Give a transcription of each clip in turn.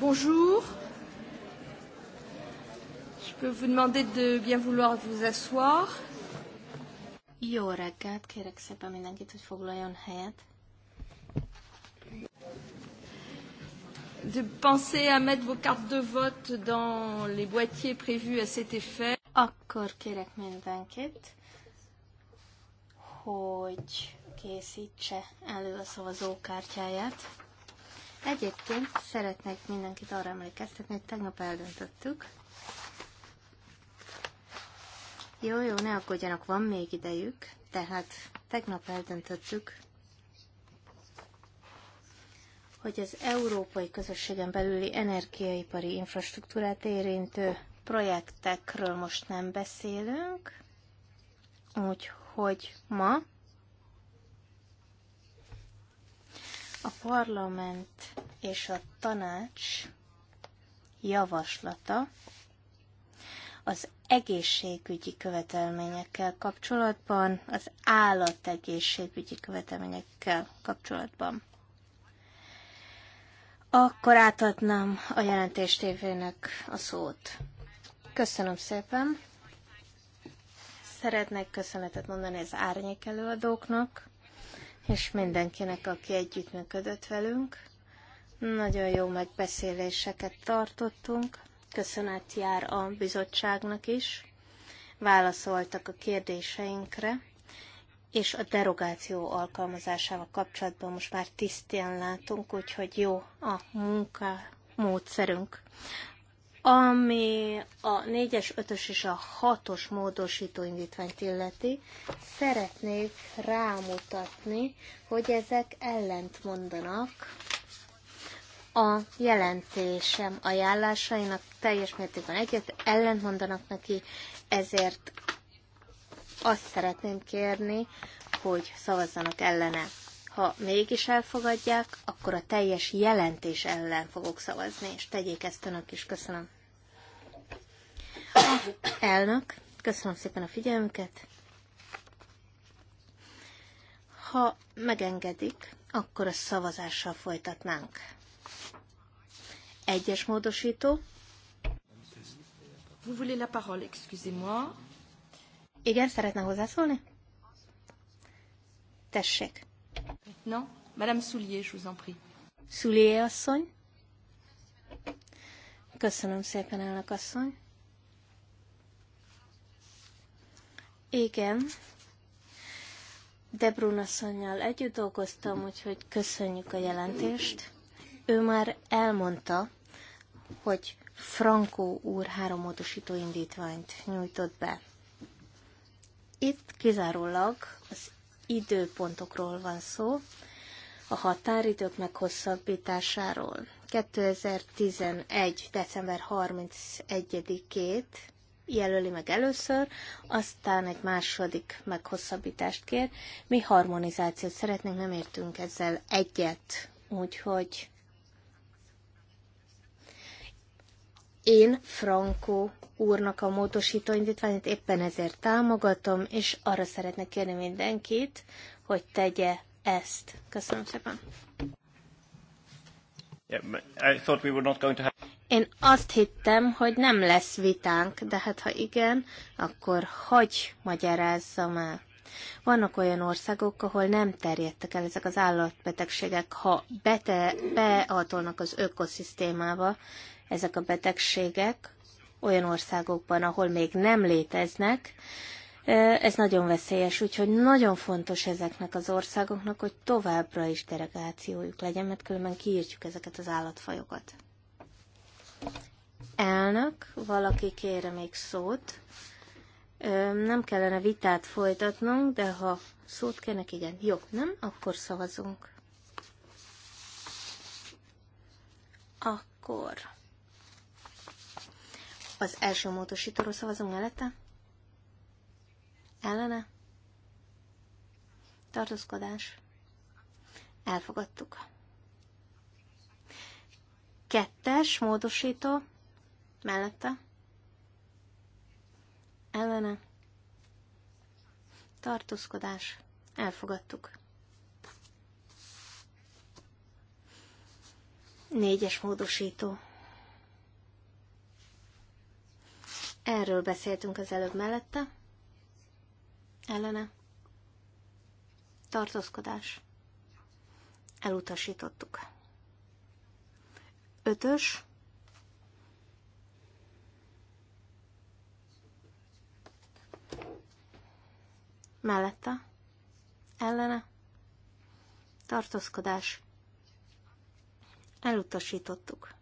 Bonjour. Je peux vous demander de bien vouloir vous asseoir. Jó reggelt, kérek szépen mindenkit, hogy foglaljon helyet. De penser à mettre vos cartes de vote dans les boîtiers prévus à cet effet. Akkor kérek mindenkit, hogy készítse elő a szavazókártyáját. Egyébként szeretnék mindenkit arra emlékeztetni, hogy tegnap eldöntöttük. Jó, jó, ne aggódjanak, van még idejük. Tehát tegnap eldöntöttük, hogy az európai közösségen belüli energiaipari infrastruktúrát érintő projektekről most nem beszélünk, úgyhogy ma A parlament és a tanács javaslata az egészségügyi követelményekkel kapcsolatban, az állategészségügyi követelményekkel kapcsolatban. Akkor átadnám a jelentéstévének a szót. Köszönöm szépen. Szeretnék köszönetet mondani az árnyék előadóknak, és mindenkinek, aki együttműködött velünk. Nagyon jó megbeszéléseket tartottunk. Köszönet jár a bizottságnak is. Válaszoltak a kérdéseinkre, és a derogáció alkalmazásával kapcsolatban most már tisztán látunk, úgyhogy jó a munka módszerünk. Ami a 4-es, 5-ös és a 6-os módosító indítványt illeti, szeretnék rámutatni, hogy ezek ellent mondanak a jelentésem ajánlásainak teljes mértékben egyet ellent mondanak neki, ezért azt szeretném kérni, hogy szavazzanak ellene. Ha mégis elfogadják, akkor a teljes jelentés ellen fogok szavazni, és tegyék ezt önök is. Köszönöm. Elnök, köszönöm szépen a figyelmüket. Ha megengedik, akkor a szavazással folytatnánk. Egyes módosító. Vous voulez la parole, excusez-moi. Igen, szeretne hozzászólni? Tessék. Non, Madame Soulier, je vous en prie. Soulier asszony. Köszönöm szépen, elnök asszony. Igen, Debrun asszonynal együtt dolgoztam, úgyhogy köszönjük a jelentést. Ő már elmondta, hogy Frankó úr három módosító indítványt nyújtott be. Itt kizárólag az időpontokról van szó, a határidők meghosszabbításáról. 2011. december 31-ét jelöli meg először, aztán egy második meghosszabbítást kér. Mi harmonizációt szeretnénk, nem értünk ezzel egyet, úgyhogy Én Franco úrnak a módosító indítványt éppen ezért támogatom, és arra szeretnék kérni mindenkit, hogy tegye ezt. Köszönöm szépen. Én azt hittem, hogy nem lesz vitánk, de hát ha igen, akkor hogy magyarázzam el? Vannak olyan országok, ahol nem terjedtek el ezek az állatbetegségek, ha bete, behatolnak az ökoszisztémába, ezek a betegségek olyan országokban, ahol még nem léteznek, ez nagyon veszélyes, úgyhogy nagyon fontos ezeknek az országoknak, hogy továbbra is delegációjuk legyen, mert különben kiírtjuk ezeket az állatfajokat. Elnök, valaki kére még szót. Nem kellene vitát folytatnunk, de ha szót kérnek, igen. Jó, nem? Akkor szavazunk. Akkor az első módosítóról szavazunk mellette? Ellene? Tartózkodás. Elfogadtuk. Kettes módosító mellette. Ellene. Tartózkodás. Elfogadtuk. Négyes módosító Erről beszéltünk az előbb mellette. Ellene. Tartózkodás. Elutasítottuk. Ötös. Mellette. Ellene. Tartózkodás. Elutasítottuk.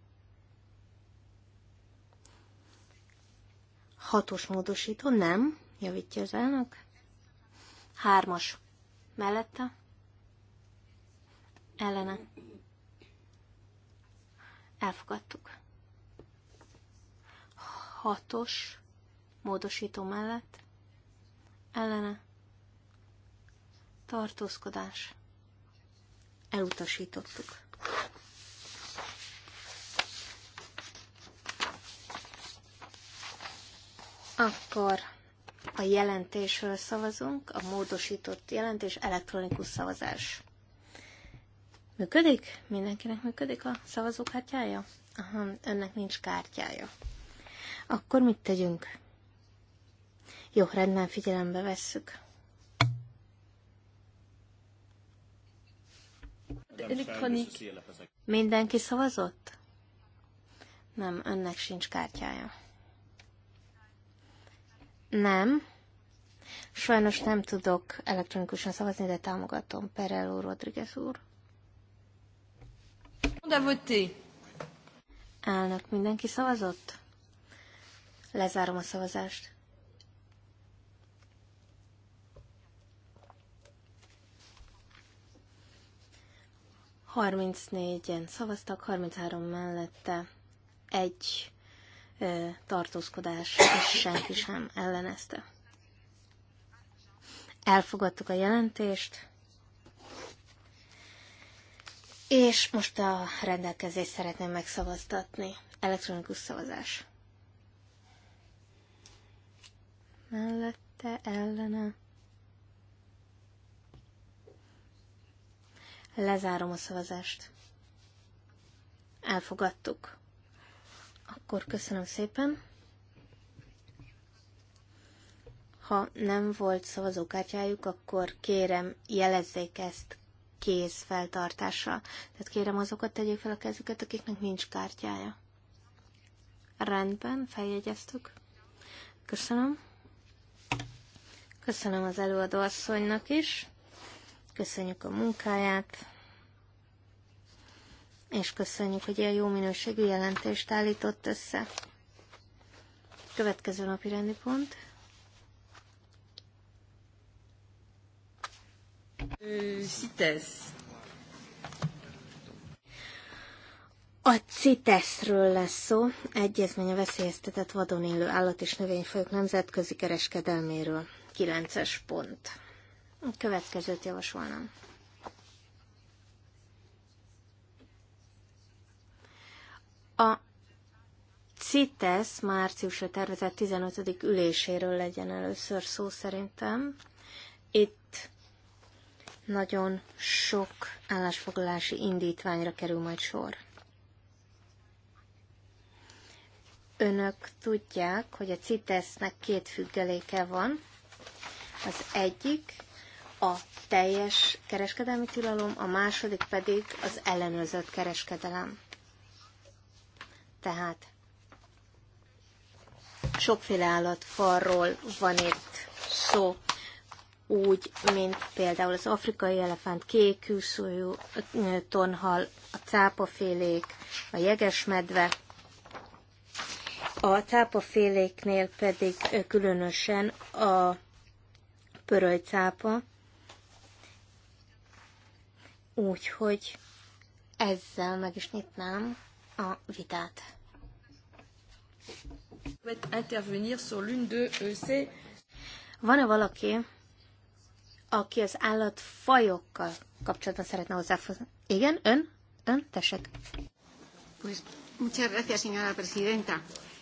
Hatos módosító, nem, javítja az elnök. Hármas, mellette, ellene. Elfogadtuk. Hatos, módosító mellett, ellene. Tartózkodás. Elutasítottuk. Akkor a jelentésről szavazunk, a módosított jelentés, elektronikus szavazás. Működik? Mindenkinek működik a szavazókártyája? Aha, önnek nincs kártyája. Akkor mit tegyünk? Jó, rendben figyelembe vesszük. Elektronik. Mindenki szavazott? Nem, önnek sincs kártyája. Nem. Sajnos nem tudok elektronikusan szavazni, de támogatom Perello Rodriguez úr. De voté. Elnök, mindenki szavazott? Lezárom a szavazást. Harmincnégyen szavaztak, 33 mellette, egy tartózkodás, és senki sem ellenezte. Elfogadtuk a jelentést, és most a rendelkezést szeretném megszavaztatni. Elektronikus szavazás. Mellette, ellene. Lezárom a szavazást. Elfogadtuk. Akkor köszönöm szépen. Ha nem volt szavazókártyájuk, akkor kérem, jelezzék ezt kézfeltartással. Tehát kérem azokat tegyék fel a kezüket, akiknek nincs kártyája. Rendben, feljegyeztük. Köszönöm. Köszönöm az előadóasszonynak is. Köszönjük a munkáját és köszönjük, hogy ilyen jó minőségű jelentést állított össze. Következő napi rendi pont. CITES. A CITES-ről lesz szó, egyezmény a veszélyeztetett vadon élő állat és növényfajok nemzetközi kereskedelméről. 9-es pont. A következőt javasolnám. A CITES márciusra tervezett 15. üléséről legyen először szó szerintem. Itt nagyon sok állásfoglalási indítványra kerül majd sor. Önök tudják, hogy a CITES-nek két függeléke van. Az egyik a teljes kereskedelmi tilalom, a második pedig az ellenőrzött kereskedelem. Tehát sokféle állatfarról van itt szó, úgy, mint például az afrikai elefánt, kék hűszújú tonhal, a cápafélék, a jegesmedve. A cápaféléknél pedig különösen a pörölycápa, úgyhogy ezzel meg is nyitnám a vitát. Euh, Van-e valaki, aki az állatfajokkal kapcsolatban szeretne hozzáfogni? Igen, ön? Ön? Tessék. Pues, muchas gracias, señora presidenta.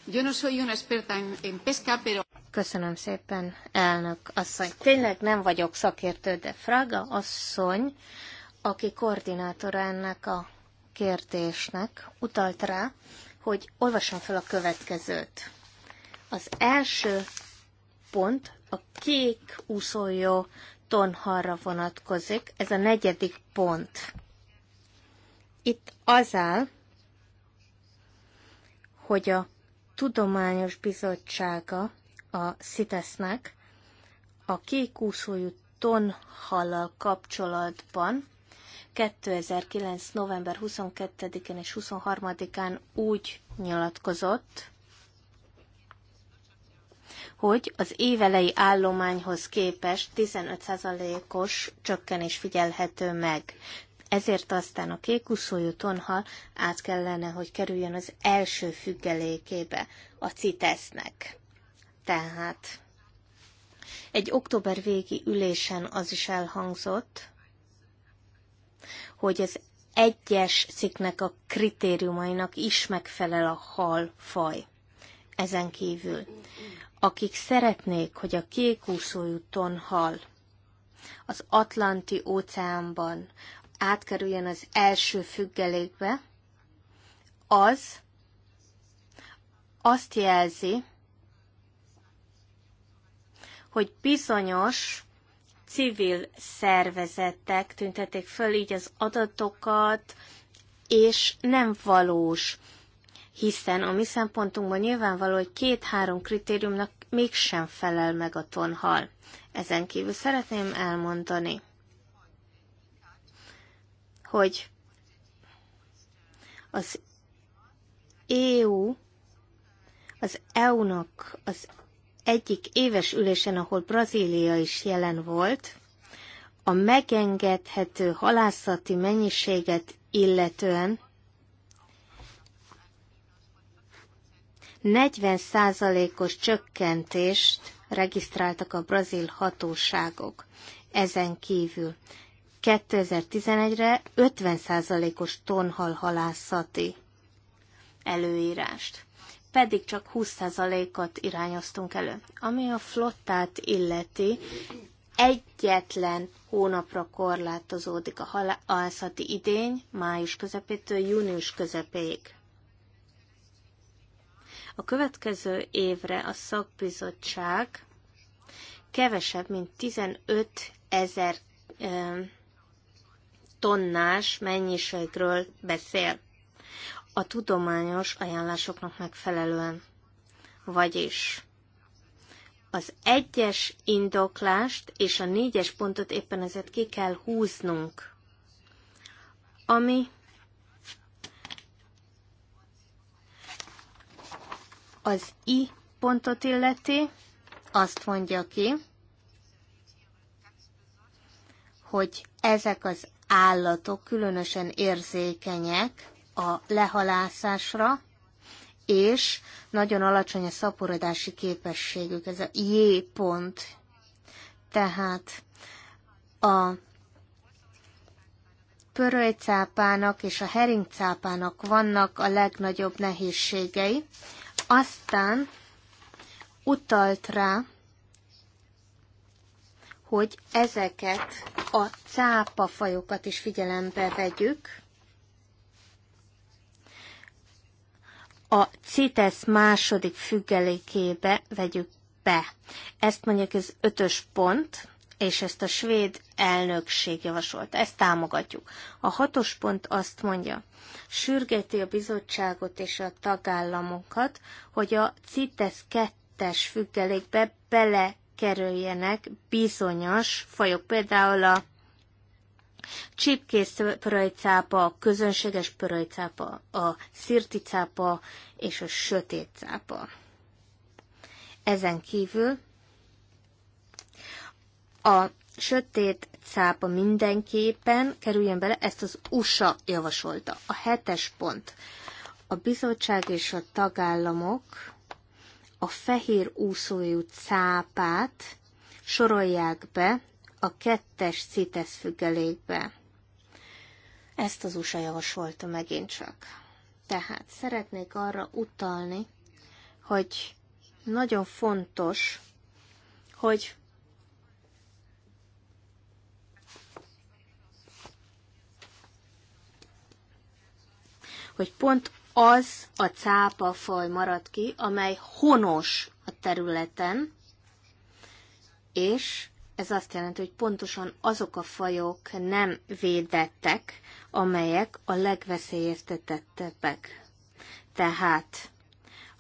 Yo no soy una experta en, en pesca, pero... Köszönöm szépen, elnök asszony. Tényleg nem vagyok szakértő, de Fraga asszony, aki koordinátora ennek a kérdésnek utalt rá, hogy olvassam fel a következőt. Az első pont a kék úszójó tonharra vonatkozik, ez a negyedik pont. Itt az áll, hogy a Tudományos Bizottsága a CITES-nek a kék úszójú tonhallal kapcsolatban 2009. november 22-én és 23-án úgy nyilatkozott, hogy az évelei állományhoz képest 15%-os csökkenés figyelhető meg. Ezért aztán a kékuszójú tonha át kellene, hogy kerüljön az első függelékébe, a CITES-nek. Tehát egy október végi ülésen az is elhangzott, hogy az egyes cikknek a kritériumainak is megfelel a hal faj. Ezen kívül, akik szeretnék, hogy a kékúszójú hal az Atlanti óceánban átkerüljön az első függelékbe, az azt jelzi, hogy bizonyos civil szervezetek tüntették föl így az adatokat, és nem valós, hiszen a mi szempontunkban nyilvánvaló, hogy két-három kritériumnak mégsem felel meg a tonhal. Ezen kívül szeretném elmondani, hogy az EU, az EU-nak, az egyik éves ülésen, ahol Brazília is jelen volt, a megengedhető halászati mennyiséget illetően 40%-os csökkentést regisztráltak a brazil hatóságok. Ezen kívül 2011-re 50%-os tonhal halászati előírást pedig csak 20%-ot irányoztunk elő. Ami a flottát illeti, egyetlen hónapra korlátozódik a halászati idény, május közepétől június közepéig. A következő évre a szakbizottság kevesebb, mint 15 ezer tonnás mennyiségről beszél a tudományos ajánlásoknak megfelelően. Vagyis az egyes indoklást és a négyes pontot éppen ezért ki kell húznunk, ami az i pontot illeti, azt mondja ki, hogy ezek az állatok különösen érzékenyek a lehalászásra, és nagyon alacsony a szaporodási képességük, ez a J pont. Tehát a pörölycápának és a heringcápának vannak a legnagyobb nehézségei. Aztán utalt rá, hogy ezeket a cápafajokat is figyelembe vegyük, a CITES második függelékébe vegyük be. Ezt mondjuk az ötös pont, és ezt a svéd elnökség javasolta. Ezt támogatjuk. A hatos pont azt mondja, sürgeti a bizottságot és a tagállamokat, hogy a CITES 2-es függelékbe belekerüljenek bizonyos fajok, például a csipkész pörölycápa, a közönséges pörölycápa, a szirti cápa és a sötét cápa. Ezen kívül a sötét cápa mindenképpen kerüljön bele, ezt az USA javasolta. A hetes pont. A bizottság és a tagállamok a fehér úszójú cápát sorolják be a kettes CITES függelékbe. Ezt az USA javasolta megint csak. Tehát szeretnék arra utalni, hogy nagyon fontos, hogy hogy pont az a faj marad ki, amely honos a területen, és ez azt jelenti, hogy pontosan azok a fajok nem védettek, amelyek a legveszélyeztetettebbek. Tehát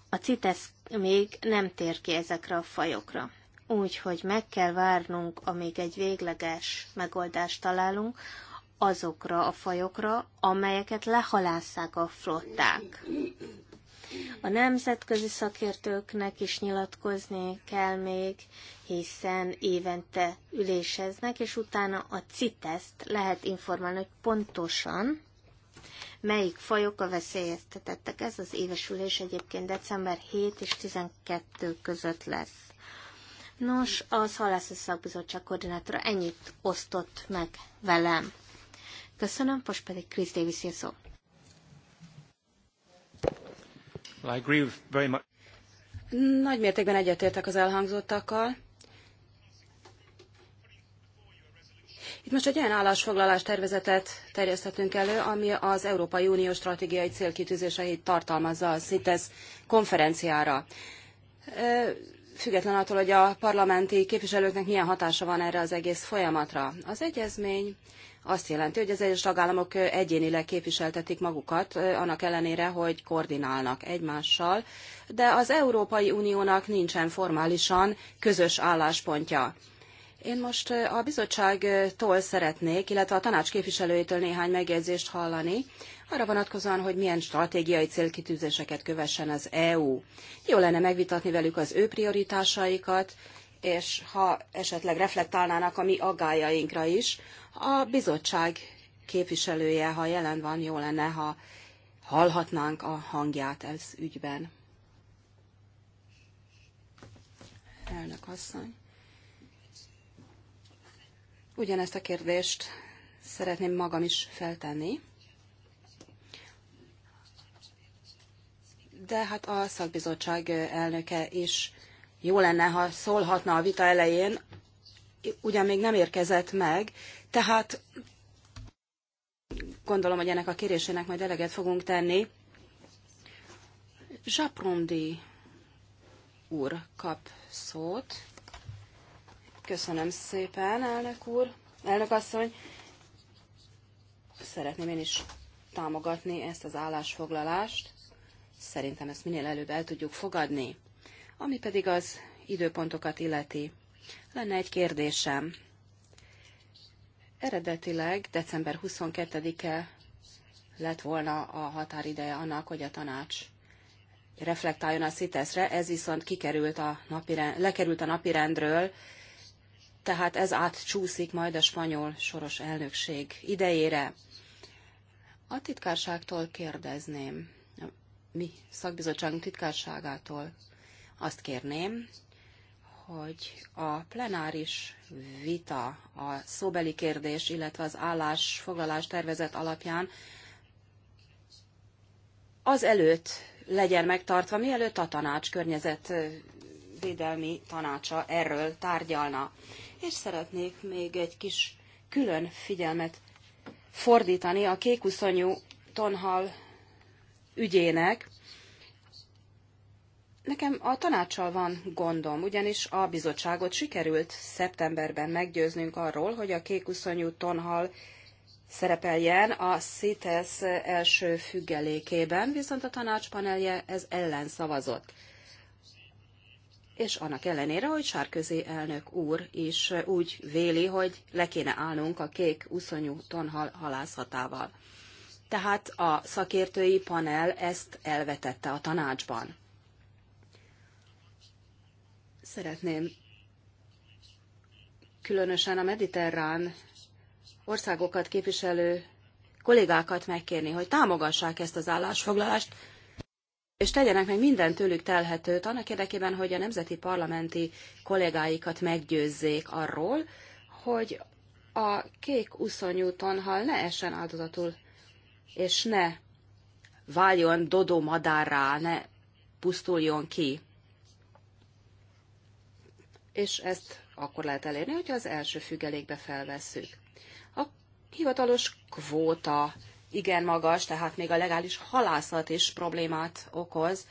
a CITES még nem tér ki ezekre a fajokra. Úgyhogy meg kell várnunk, amíg egy végleges megoldást találunk azokra a fajokra, amelyeket lehalásszák a flották. A nemzetközi szakértőknek is nyilatkozni kell még, hiszen évente üléseznek, és utána a CITES-t lehet informálni, hogy pontosan melyik fajok a veszélyeztetettek. Ez az éves ülés egyébként december 7 és 12 között lesz. Nos, az Halászati Szakbizottság koordinátora ennyit osztott meg velem. Köszönöm, most pedig Krisz Davis szó. Nagy mértékben egyetértek az elhangzottakkal. Itt most egy olyan állásfoglalás tervezetet terjesztettünk elő, ami az Európai Unió stratégiai célkitűzéseit tartalmazza a CITES konferenciára. Független attól, hogy a parlamenti képviselőknek milyen hatása van erre az egész folyamatra. Az egyezmény azt jelenti, hogy az egyes tagállamok egyénileg képviseltetik magukat, annak ellenére, hogy koordinálnak egymással, de az Európai Uniónak nincsen formálisan közös álláspontja. Én most a bizottságtól szeretnék, illetve a tanács képviselőitől néhány megjegyzést hallani, arra vonatkozóan, hogy milyen stratégiai célkitűzéseket kövessen az EU. Jó lenne megvitatni velük az ő prioritásaikat, és ha esetleg reflektálnának a mi aggájainkra is, a bizottság képviselője, ha jelen van, jó lenne, ha hallhatnánk a hangját ez ügyben. Elnök asszony. Ugyanezt a kérdést szeretném magam is feltenni. De hát a szakbizottság elnöke is jó lenne, ha szólhatna a vita elején, ugyan még nem érkezett meg, tehát gondolom, hogy ennek a kérésének majd eleget fogunk tenni. Zsaprondi úr kap szót. Köszönöm szépen, elnök úr. Elnök asszony, szeretném én is támogatni ezt az állásfoglalást. Szerintem ezt minél előbb el tudjuk fogadni. Ami pedig az időpontokat illeti, lenne egy kérdésem. Eredetileg december 22-e lett volna a határideje annak, hogy a tanács reflektáljon a CITES-re, ez viszont kikerült a napirend, lekerült a napirendről, tehát ez átcsúszik majd a spanyol soros elnökség idejére. A titkárságtól kérdezném, mi szakbizottságunk titkárságától azt kérném, hogy a plenáris vita a szóbeli kérdés, illetve az állásfoglalás tervezet alapján az előtt legyen megtartva, mielőtt a tanács környezetvédelmi tanácsa erről tárgyalna. És szeretnék még egy kis külön figyelmet fordítani a kékuszonyú tonhal ügyének, Nekem a tanácssal van gondom, ugyanis a bizottságot sikerült szeptemberben meggyőznünk arról, hogy a kékuszonyú tonhal szerepeljen a CITES első függelékében, viszont a tanácspanelje ez ellen szavazott. És annak ellenére, hogy Sárközi elnök úr is úgy véli, hogy le kéne állnunk a kék uszonyú tonhal halászatával. Tehát a szakértői panel ezt elvetette a tanácsban. Szeretném különösen a mediterrán országokat képviselő kollégákat megkérni, hogy támogassák ezt az állásfoglalást, és tegyenek meg minden tőlük telhetőt annak érdekében, hogy a nemzeti parlamenti kollégáikat meggyőzzék arról, hogy a kék úszonyúton hal ne essen áldozatul, és ne váljon dodó madárrá, ne pusztuljon ki és ezt akkor lehet elérni, hogyha az első függelékbe felvesszük. A hivatalos kvóta igen magas, tehát még a legális halászat is problémát okoz,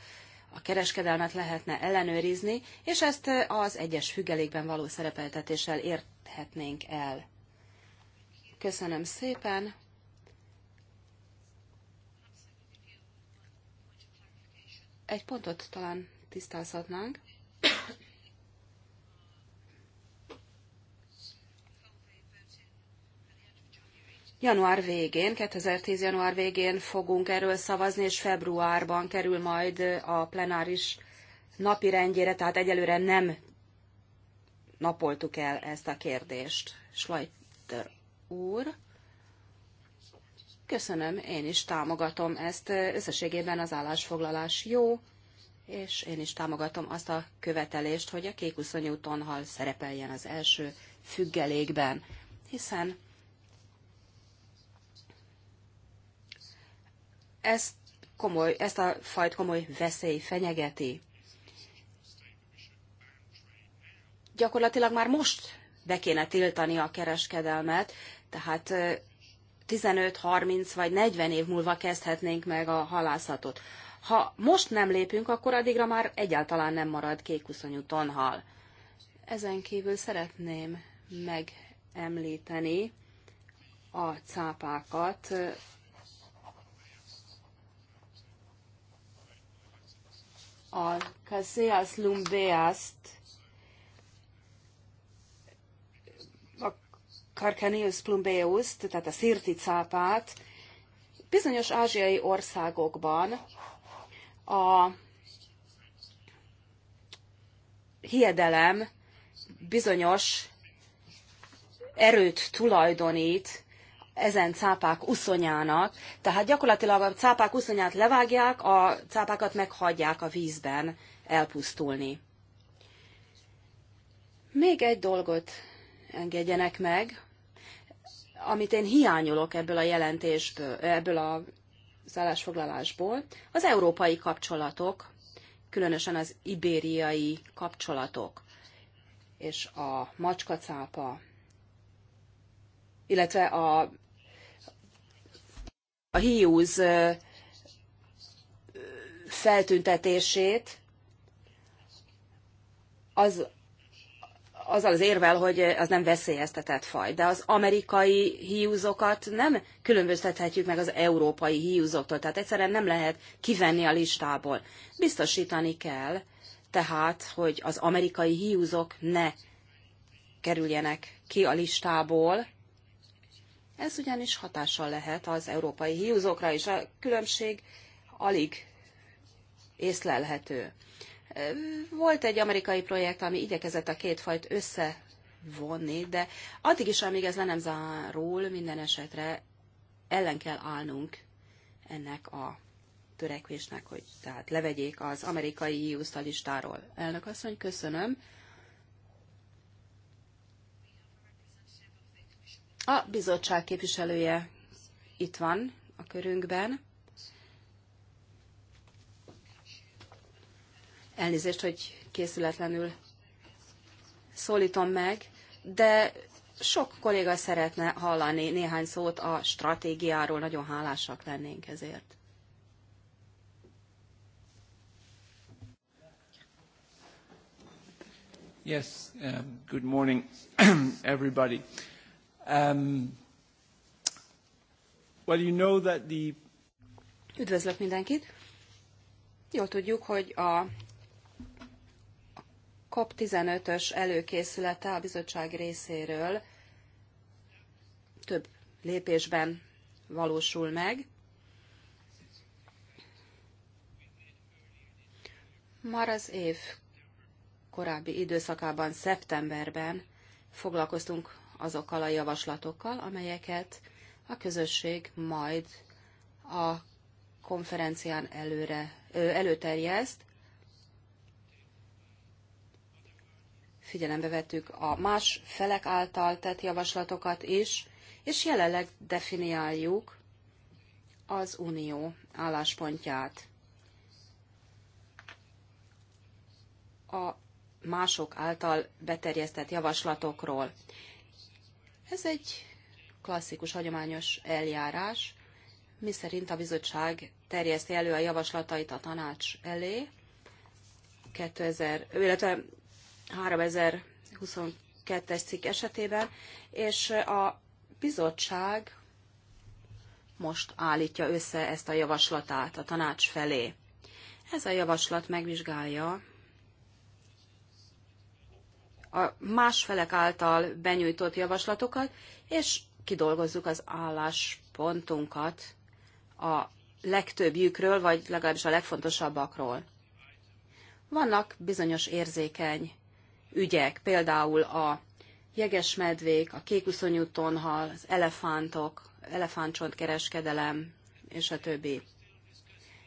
a kereskedelmet lehetne ellenőrizni, és ezt az egyes függelékben való szerepeltetéssel érthetnénk el. Köszönöm szépen! Egy pontot talán tisztázhatnánk. január végén, 2010. január végén fogunk erről szavazni, és februárban kerül majd a plenáris napi rendjére, tehát egyelőre nem napoltuk el ezt a kérdést. Slajter úr. Köszönöm, én is támogatom ezt. Összességében az állásfoglalás jó, és én is támogatom azt a követelést, hogy a kékuszonyú tonhal szerepeljen az első függelékben, hiszen ezt, komoly, ezt a fajt komoly veszély fenyegeti. Gyakorlatilag már most be kéne tiltani a kereskedelmet, tehát 15, 30 vagy 40 év múlva kezdhetnénk meg a halászatot. Ha most nem lépünk, akkor addigra már egyáltalán nem marad kékuszonyú tonhal. Ezen kívül szeretném megemlíteni a cápákat, a Caseas Lumbeast, a Carcaneus plumbeus tehát a szirti cápát, bizonyos ázsiai országokban a hiedelem bizonyos erőt tulajdonít ezen cápák uszonyának, tehát gyakorlatilag a cápák uszonyát levágják, a cápákat meghagyják a vízben elpusztulni. Még egy dolgot engedjenek meg, amit én hiányolok ebből a jelentésből, ebből a szállásfoglalásból, az európai kapcsolatok, különösen az ibériai kapcsolatok és a macskacápa, illetve a a hiúz feltüntetését, az, azzal az érvel, hogy az nem veszélyeztetett faj. De az amerikai hiúzokat nem különböztethetjük meg az európai hiúzoktól, tehát egyszerűen nem lehet kivenni a listából. Biztosítani kell tehát, hogy az amerikai hiúzok ne kerüljenek ki a listából, ez ugyanis hatással lehet az európai hiúzókra is. A különbség alig észlelhető. Volt egy amerikai projekt, ami igyekezett a két fajt összevonni, de addig is, amíg ez le nem zárul, minden esetre ellen kell állnunk ennek a törekvésnek, hogy tehát levegyék az amerikai hiúzt a listáról. Elnök asszony, köszönöm. A bizottság képviselője itt van a körünkben. Elnézést, hogy készületlenül szólítom meg, de sok kolléga szeretne hallani néhány szót a stratégiáról, nagyon hálásak lennénk ezért. Yes, um, good morning everybody. Um, well, you know that the... Üdvözlök mindenkit! Jól tudjuk, hogy a COP15-ös előkészülete a bizottság részéről több lépésben valósul meg. Már az év korábbi időszakában, szeptemberben foglalkoztunk azokkal a javaslatokkal, amelyeket a közösség majd a konferencián előre, előterjeszt. Figyelembe vettük a más felek által tett javaslatokat is, és jelenleg definiáljuk az unió álláspontját. A mások által beterjesztett javaslatokról. Ez egy klasszikus, hagyományos eljárás, miszerint a bizottság terjeszti elő a javaslatait a tanács elé, 2000, illetve 3022-es cikk esetében, és a bizottság most állítja össze ezt a javaslatát a tanács felé. Ez a javaslat megvizsgálja a más felek által benyújtott javaslatokat, és kidolgozzuk az álláspontunkat a legtöbbjükről, vagy legalábbis a legfontosabbakról. Vannak bizonyos érzékeny ügyek, például a jegesmedvék, a kékuszonyú tonhal, az elefántok, elefántcsontkereskedelem, és a többi.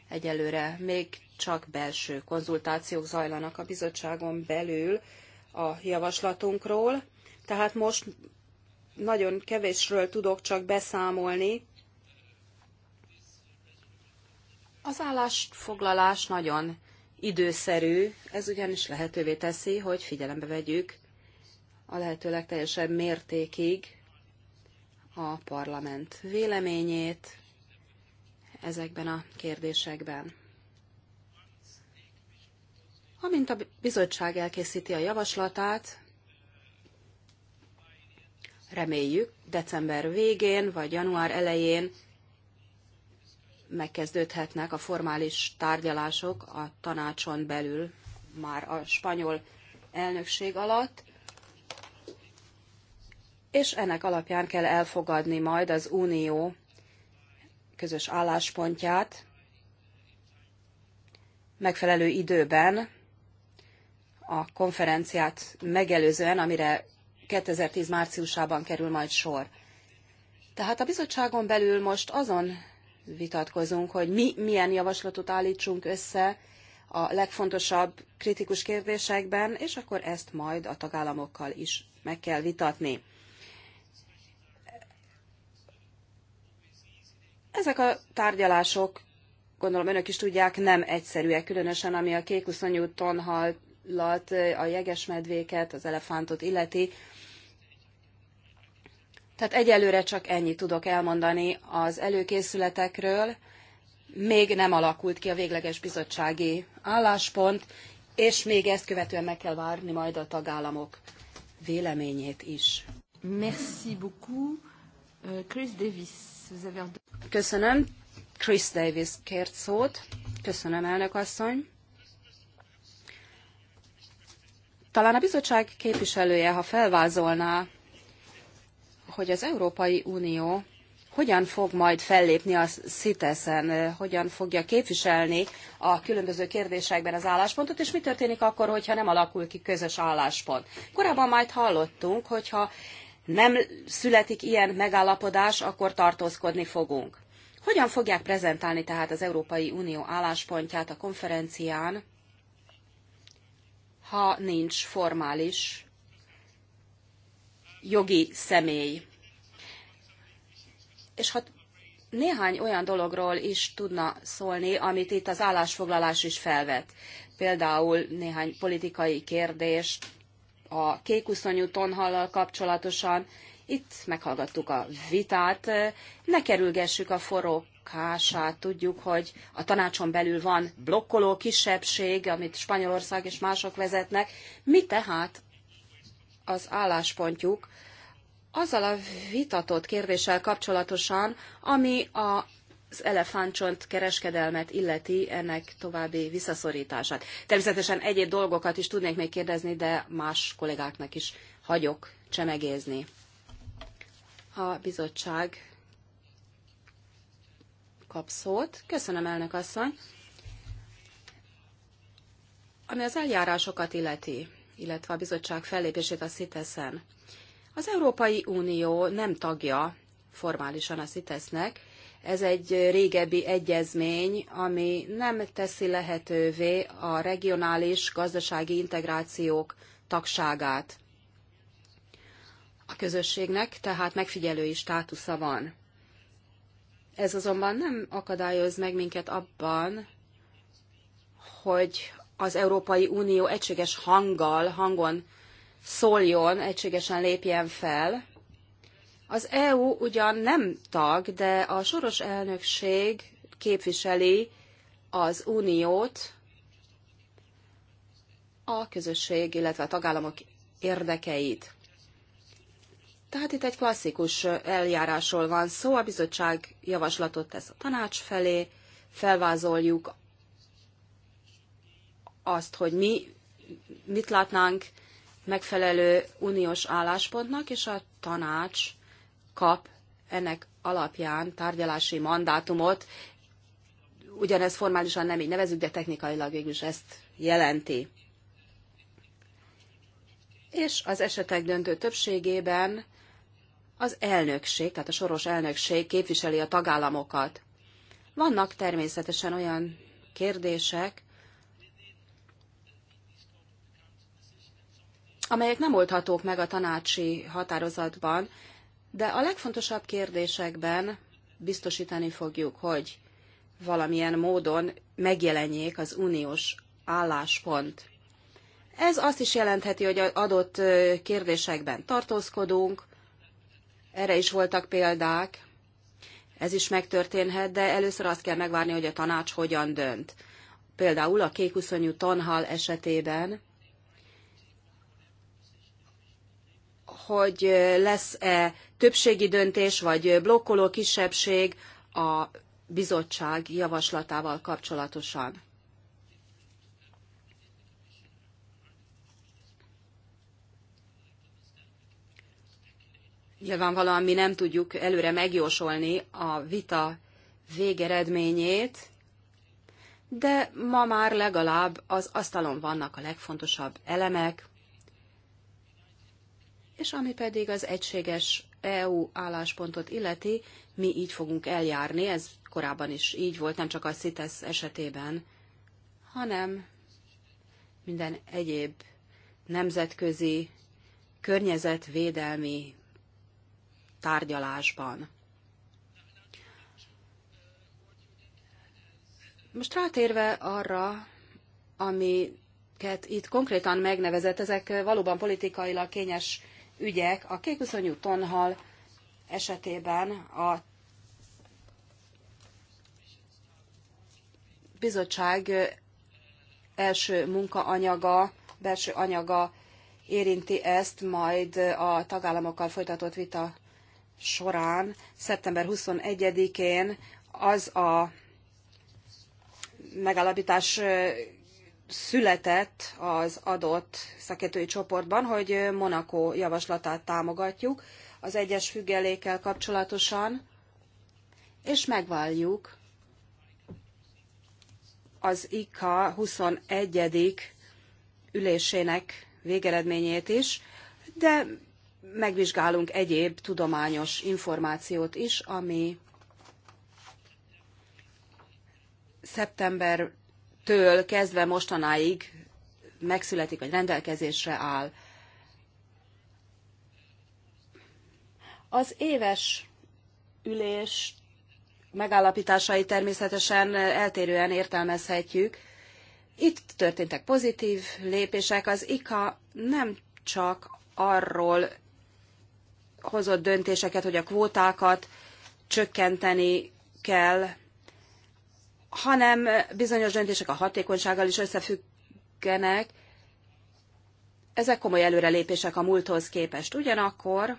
Egyelőre még csak belső konzultációk zajlanak a bizottságon belül, a javaslatunkról, tehát most nagyon kevésről tudok csak beszámolni. Az állásfoglalás nagyon időszerű, ez ugyanis lehetővé teszi, hogy figyelembe vegyük a lehető legteljesebb mértékig a parlament véleményét ezekben a kérdésekben. Amint a bizottság elkészíti a javaslatát, reméljük december végén vagy január elején megkezdődhetnek a formális tárgyalások a tanácson belül már a spanyol elnökség alatt, és ennek alapján kell elfogadni majd az Unió közös álláspontját megfelelő időben, a konferenciát megelőzően, amire 2010 márciusában kerül majd sor. Tehát a bizottságon belül most azon vitatkozunk, hogy mi milyen javaslatot állítsunk össze a legfontosabb kritikus kérdésekben, és akkor ezt majd a tagállamokkal is meg kell vitatni. Ezek a tárgyalások, gondolom önök is tudják, nem egyszerűek, különösen ami a kékuszonyú tonhal állat, a jegesmedvéket, az elefántot illeti. Tehát egyelőre csak ennyit tudok elmondani az előkészületekről. Még nem alakult ki a végleges bizottsági álláspont, és még ezt követően meg kell várni majd a tagállamok véleményét is. Merci beaucoup. Euh, Chris Davis, vous avez... Köszönöm. Chris Davis kért szót. Köszönöm, elnök asszony. Talán a bizottság képviselője, ha felvázolná, hogy az Európai Unió hogyan fog majd fellépni a CITES-en, hogyan fogja képviselni a különböző kérdésekben az álláspontot, és mi történik akkor, hogyha nem alakul ki közös álláspont. Korábban majd hallottunk, hogyha nem születik ilyen megállapodás, akkor tartózkodni fogunk. Hogyan fogják prezentálni tehát az Európai Unió álláspontját a konferencián? ha nincs formális jogi személy. És ha néhány olyan dologról is tudna szólni, amit itt az állásfoglalás is felvet. Például néhány politikai kérdést a kékuszonyú tonhallal kapcsolatosan, itt meghallgattuk a vitát, ne kerülgessük a forró kását, tudjuk, hogy a tanácson belül van blokkoló kisebbség, amit Spanyolország és mások vezetnek. Mi tehát az álláspontjuk azzal a vitatott kérdéssel kapcsolatosan, ami a az elefántcsont kereskedelmet illeti ennek további visszaszorítását. Természetesen egyéb dolgokat is tudnék még kérdezni, de más kollégáknak is hagyok csemegézni a bizottság kap szót. Köszönöm, elnök asszony. Ami az eljárásokat illeti, illetve a bizottság fellépését a CITES-en. Az Európai Unió nem tagja formálisan a CITES-nek, ez egy régebbi egyezmény, ami nem teszi lehetővé a regionális gazdasági integrációk tagságát közösségnek, tehát megfigyelői státusza van. Ez azonban nem akadályoz meg minket abban, hogy az Európai Unió egységes hanggal, hangon szóljon, egységesen lépjen fel. Az EU ugyan nem tag, de a soros elnökség képviseli az uniót a közösség, illetve a tagállamok érdekeit. Tehát itt egy klasszikus eljárásról van szó, a bizottság javaslatot tesz a tanács felé, felvázoljuk azt, hogy mi mit látnánk megfelelő uniós álláspontnak, és a tanács kap ennek alapján tárgyalási mandátumot. ugyanezt formálisan nem így nevezük, de technikailag végül is ezt jelenti. És az esetek döntő többségében az elnökség, tehát a soros elnökség képviseli a tagállamokat. Vannak természetesen olyan kérdések, amelyek nem oldhatók meg a tanácsi határozatban, de a legfontosabb kérdésekben biztosítani fogjuk, hogy valamilyen módon megjelenjék az uniós álláspont. Ez azt is jelentheti, hogy adott kérdésekben tartózkodunk, erre is voltak példák, ez is megtörténhet, de először azt kell megvárni, hogy a tanács hogyan dönt. Például a kékuszonyú tonhal esetében, hogy lesz-e többségi döntés, vagy blokkoló kisebbség a bizottság javaslatával kapcsolatosan. Nyilvánvalóan mi nem tudjuk előre megjósolni a vita végeredményét, de ma már legalább az asztalon vannak a legfontosabb elemek, és ami pedig az egységes EU álláspontot illeti, mi így fogunk eljárni, ez korábban is így volt, nem csak a CITES esetében, hanem minden egyéb nemzetközi környezetvédelmi tárgyalásban. Most rátérve arra, amiket itt konkrétan megnevezett, ezek valóban politikailag kényes ügyek. A kékviszonyú tonhal esetében a bizottság első munkaanyaga, belső anyaga érinti ezt, majd a tagállamokkal folytatott vita során szeptember 21-én az a megállapítás született az adott szakértői csoportban, hogy Monaco javaslatát támogatjuk az egyes függelékkel kapcsolatosan, és megváljuk az IKA 21. ülésének végeredményét is, de megvizsgálunk egyéb tudományos információt is, ami szeptembertől kezdve mostanáig megszületik, vagy rendelkezésre áll. Az éves ülés megállapításai természetesen eltérően értelmezhetjük. Itt történtek pozitív lépések. Az IKA nem csak arról hozott döntéseket, hogy a kvótákat csökkenteni kell, hanem bizonyos döntések a hatékonysággal is összefüggenek. Ezek komoly előrelépések a múlthoz képest. Ugyanakkor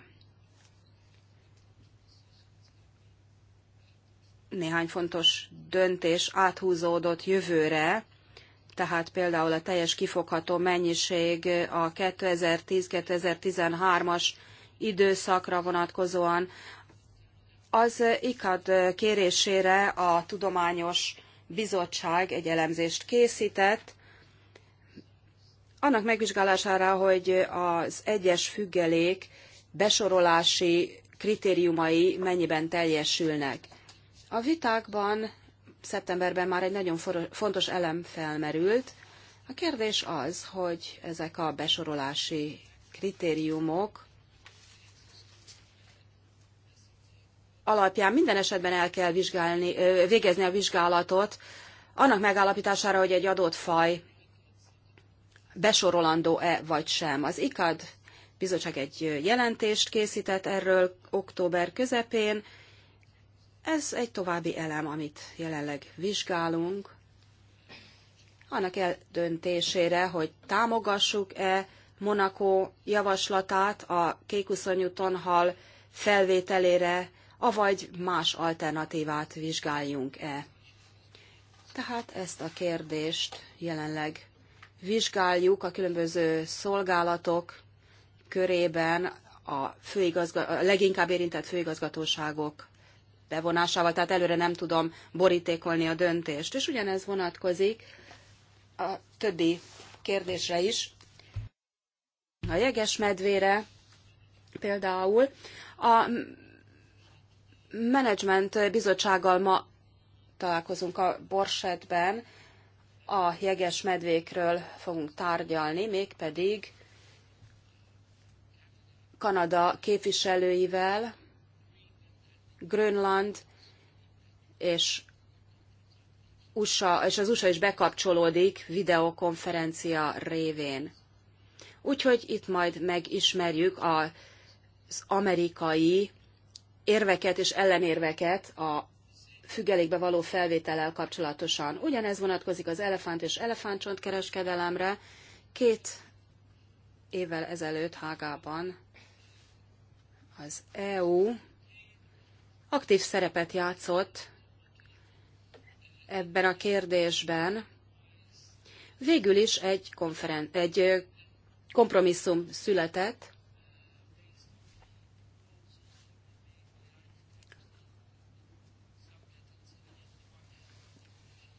néhány fontos döntés áthúzódott jövőre, tehát például a teljes kifogható mennyiség a 2010-2013-as időszakra vonatkozóan. Az ICAD kérésére a Tudományos Bizottság egy elemzést készített, annak megvizsgálására, hogy az egyes függelék besorolási kritériumai mennyiben teljesülnek. A vitákban szeptemberben már egy nagyon fontos elem felmerült. A kérdés az, hogy ezek a besorolási kritériumok alapján minden esetben el kell vizsgálni, végezni a vizsgálatot, annak megállapítására, hogy egy adott faj besorolandó-e vagy sem. Az ICAD bizottság egy jelentést készített erről október közepén. Ez egy további elem, amit jelenleg vizsgálunk. Annak eldöntésére, hogy támogassuk-e Monaco javaslatát a kékuszonyú tonhal felvételére avagy más alternatívát vizsgáljunk-e. Tehát ezt a kérdést jelenleg vizsgáljuk a különböző szolgálatok körében a, a leginkább érintett főigazgatóságok bevonásával, tehát előre nem tudom borítékolni a döntést. És ugyanez vonatkozik a többi kérdésre is. A jeges medvére, például a menedzsment bizottsággal ma találkozunk a Borsetben, a jeges medvékről fogunk tárgyalni, mégpedig Kanada képviselőivel, Grönland és USA, és az USA is bekapcsolódik videokonferencia révén. Úgyhogy itt majd megismerjük az amerikai érveket és ellenérveket a függelékbe való felvétellel kapcsolatosan. Ugyanez vonatkozik az elefánt és elefántcsont kereskedelemre. Két évvel ezelőtt Hágában az EU aktív szerepet játszott ebben a kérdésben. Végül is egy, konferen- egy kompromisszum született,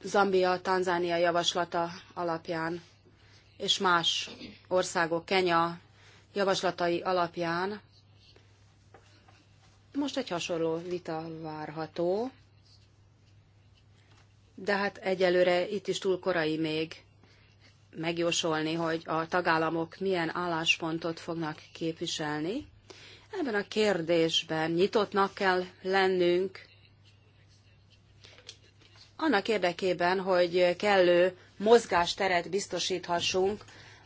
Zambia, Tanzánia javaslata alapján, és más országok, Kenya javaslatai alapján most egy hasonló vita várható, de hát egyelőre itt is túl korai még megjósolni, hogy a tagállamok milyen álláspontot fognak képviselni. Ebben a kérdésben nyitottnak kell lennünk, annak érdekében, hogy kellő mozgásteret biztosíthassunk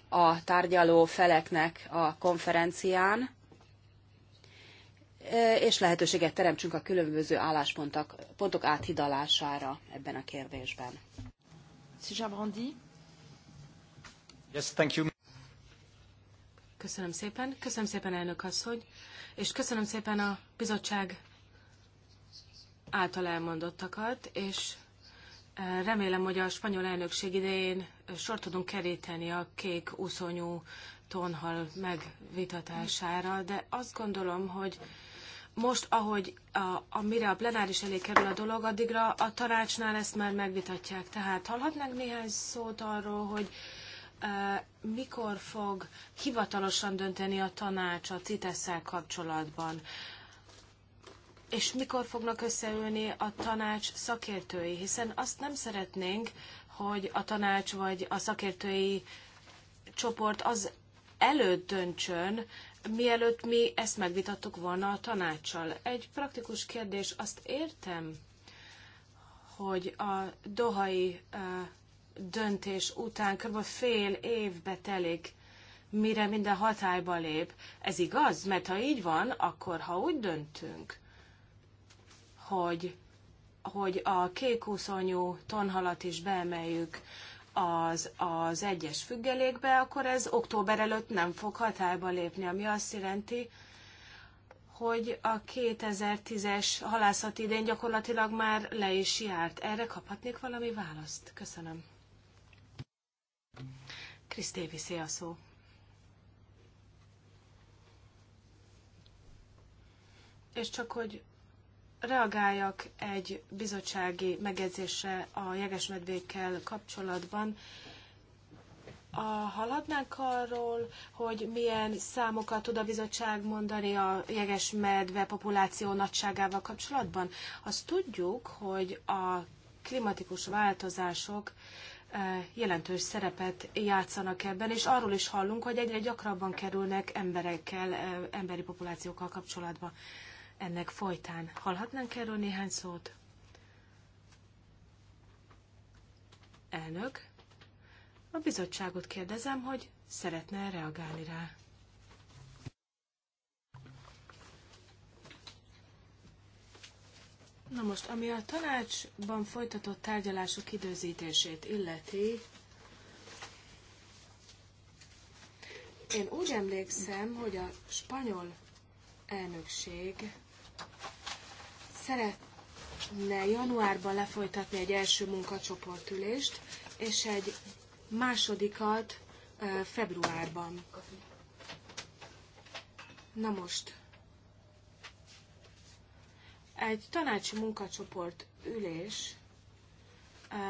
a tárgyaló feleknek a konferencián, e, és lehetőséget teremtsünk a különböző álláspontok pontok áthidalására ebben a kérdésben. Yes, thank you. Köszönöm szépen. Köszönöm szépen, elnök asszony. És köszönöm szépen a bizottság által elmondottakat, és Remélem, hogy a spanyol elnökség idején sor tudunk keríteni a kék úszonyú tonhal megvitatására, de azt gondolom, hogy most, ahogy a, amire a plenáris elé kerül a dolog, addigra a tanácsnál ezt már megvitatják. Tehát hallhatnánk néhány szót arról, hogy e, mikor fog hivatalosan dönteni a tanács a cites kapcsolatban és mikor fognak összeülni a tanács szakértői, hiszen azt nem szeretnénk, hogy a tanács vagy a szakértői csoport az előtt döntsön, mielőtt mi ezt megvitattuk volna a tanácssal. Egy praktikus kérdés, azt értem, hogy a dohai döntés után kb. fél évbe telik, mire minden hatályba lép. Ez igaz? Mert ha így van, akkor ha úgy döntünk, hogy, hogy a kék úszonyú tonhalat is beemeljük az, az egyes függelékbe, akkor ez október előtt nem fog hatályba lépni, ami azt jelenti, hogy a 2010-es halászati idén gyakorlatilag már le is járt. Erre kaphatnék valami választ? Köszönöm. Krisztévi Davis, a szó. És csak hogy reagáljak egy bizottsági megjegyzésre a jegesmedvékkel kapcsolatban. A, haladnánk arról, hogy milyen számokat tud a bizottság mondani a jegesmedve populáció nagyságával kapcsolatban? Azt tudjuk, hogy a klimatikus változások eh, jelentős szerepet játszanak ebben, és arról is hallunk, hogy egyre gyakrabban kerülnek emberekkel, eh, emberi populációkkal kapcsolatba ennek folytán. Hallhatnánk erről néhány szót? Elnök, a bizottságot kérdezem, hogy szeretne reagálni rá. Na most, ami a tanácsban folytatott tárgyalások időzítését illeti, én úgy emlékszem, hogy a spanyol elnökség szeretne januárban lefolytatni egy első munkacsoportülést, és egy másodikat februárban. Na most. Egy tanácsi munkacsoport ülés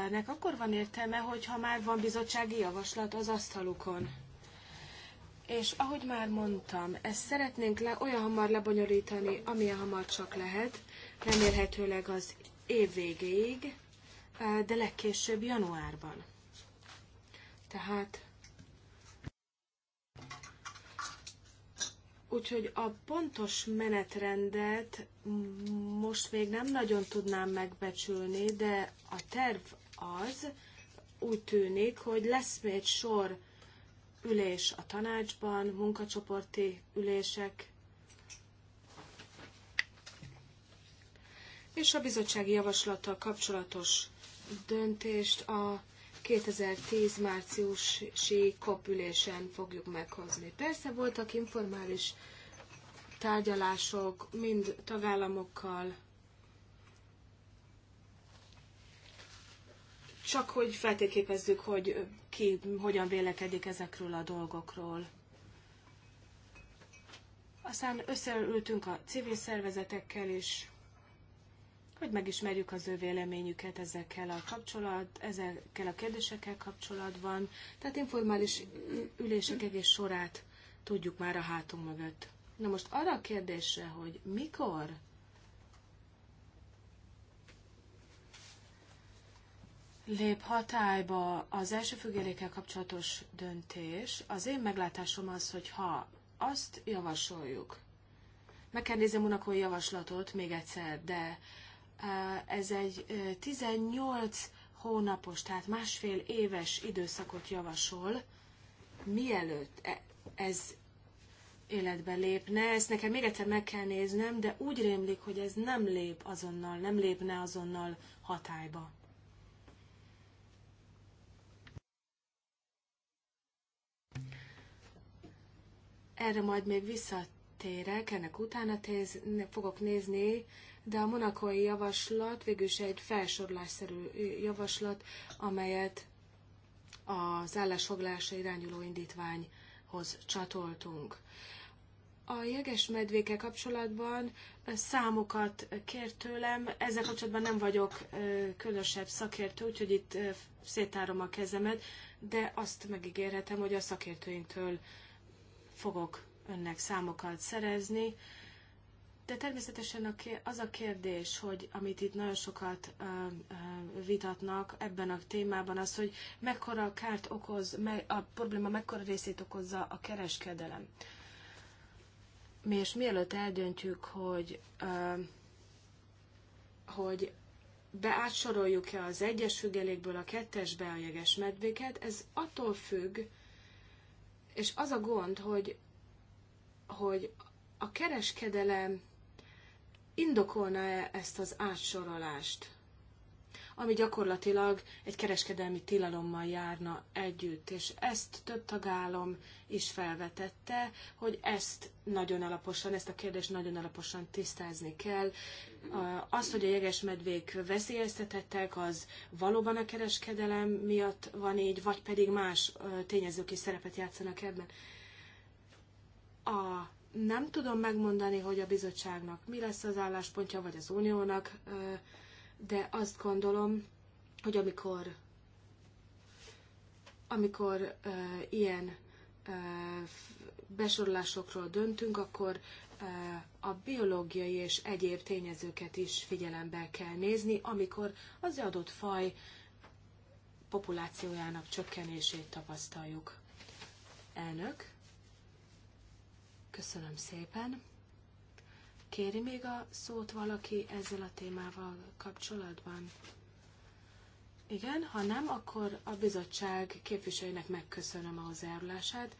nek akkor van értelme, hogyha már van bizottsági javaslat az asztalukon. És ahogy már mondtam, ezt szeretnénk le, olyan hamar lebonyolítani, amilyen hamar csak lehet, remélhetőleg az év végéig, de legkésőbb januárban. Tehát Úgyhogy a pontos menetrendet most még nem nagyon tudnám megbecsülni, de a terv az úgy tűnik, hogy lesz még egy sor ülés a tanácsban, munkacsoporti ülések, és a bizottsági javaslattal kapcsolatos döntést a 2010 márciusi COP ülésen fogjuk meghozni. Persze voltak informális tárgyalások mind tagállamokkal, csak hogy feltérképezzük, hogy ki hogyan vélekedik ezekről a dolgokról. Aztán összeültünk a civil szervezetekkel is, hogy megismerjük az ő véleményüket ezekkel a kapcsolat, ezekkel a kérdésekkel kapcsolatban. Tehát informális ülések egész sorát tudjuk már a hátunk mögött. Na most arra a kérdésre, hogy mikor lép hatályba az első függelékkel kapcsolatos döntés, az én meglátásom az, hogy ha azt javasoljuk, meg kell nézni unakó javaslatot még egyszer, de ez egy 18 hónapos, tehát másfél éves időszakot javasol, mielőtt e, ez életbe lépne. Ezt nekem még egyszer meg kell néznem, de úgy rémlik, hogy ez nem lép azonnal, nem lépne azonnal hatályba. Erre majd még visszatérek, ennek utána téz, fogok nézni, de a monakói javaslat végül is egy felsorolásszerű javaslat, amelyet az állásfoglalásra irányuló indítványhoz csatoltunk. A jeges medvéke kapcsolatban számokat kért tőlem, ezzel kapcsolatban nem vagyok különösebb szakértő, úgyhogy itt szétárom a kezemet, de azt megígérhetem, hogy a szakértőinktől fogok önnek számokat szerezni, de természetesen az a kérdés, hogy amit itt nagyon sokat vitatnak ebben a témában, az, hogy mekkora kárt okoz, a probléma mekkora részét okozza a kereskedelem. Mi és mielőtt eldöntjük, hogy, hogy beátsoroljuk-e az egyes függelékből a kettesbe a jeges medvéket, ez attól függ, és az a gond, hogy, hogy a kereskedelem indokolna-e ezt az átsorolást? ami gyakorlatilag egy kereskedelmi tilalommal járna együtt, és ezt több tagállam is felvetette, hogy ezt nagyon alaposan, ezt a kérdést nagyon alaposan tisztázni kell. Az, hogy a jegesmedvék veszélyeztetettek, az valóban a kereskedelem miatt van így, vagy pedig más tényezők is szerepet játszanak ebben. A nem tudom megmondani, hogy a bizottságnak mi lesz az álláspontja, vagy az uniónak de azt gondolom, hogy amikor, amikor uh, ilyen uh, besorolásokról döntünk, akkor uh, a biológiai és egyéb tényezőket is figyelembe kell nézni, amikor az adott faj populációjának csökkenését tapasztaljuk. Elnök, köszönöm szépen! Kéri még a szót valaki ezzel a témával kapcsolatban? Igen, ha nem, akkor a bizottság képviselőinek megköszönöm a hozzájárulását.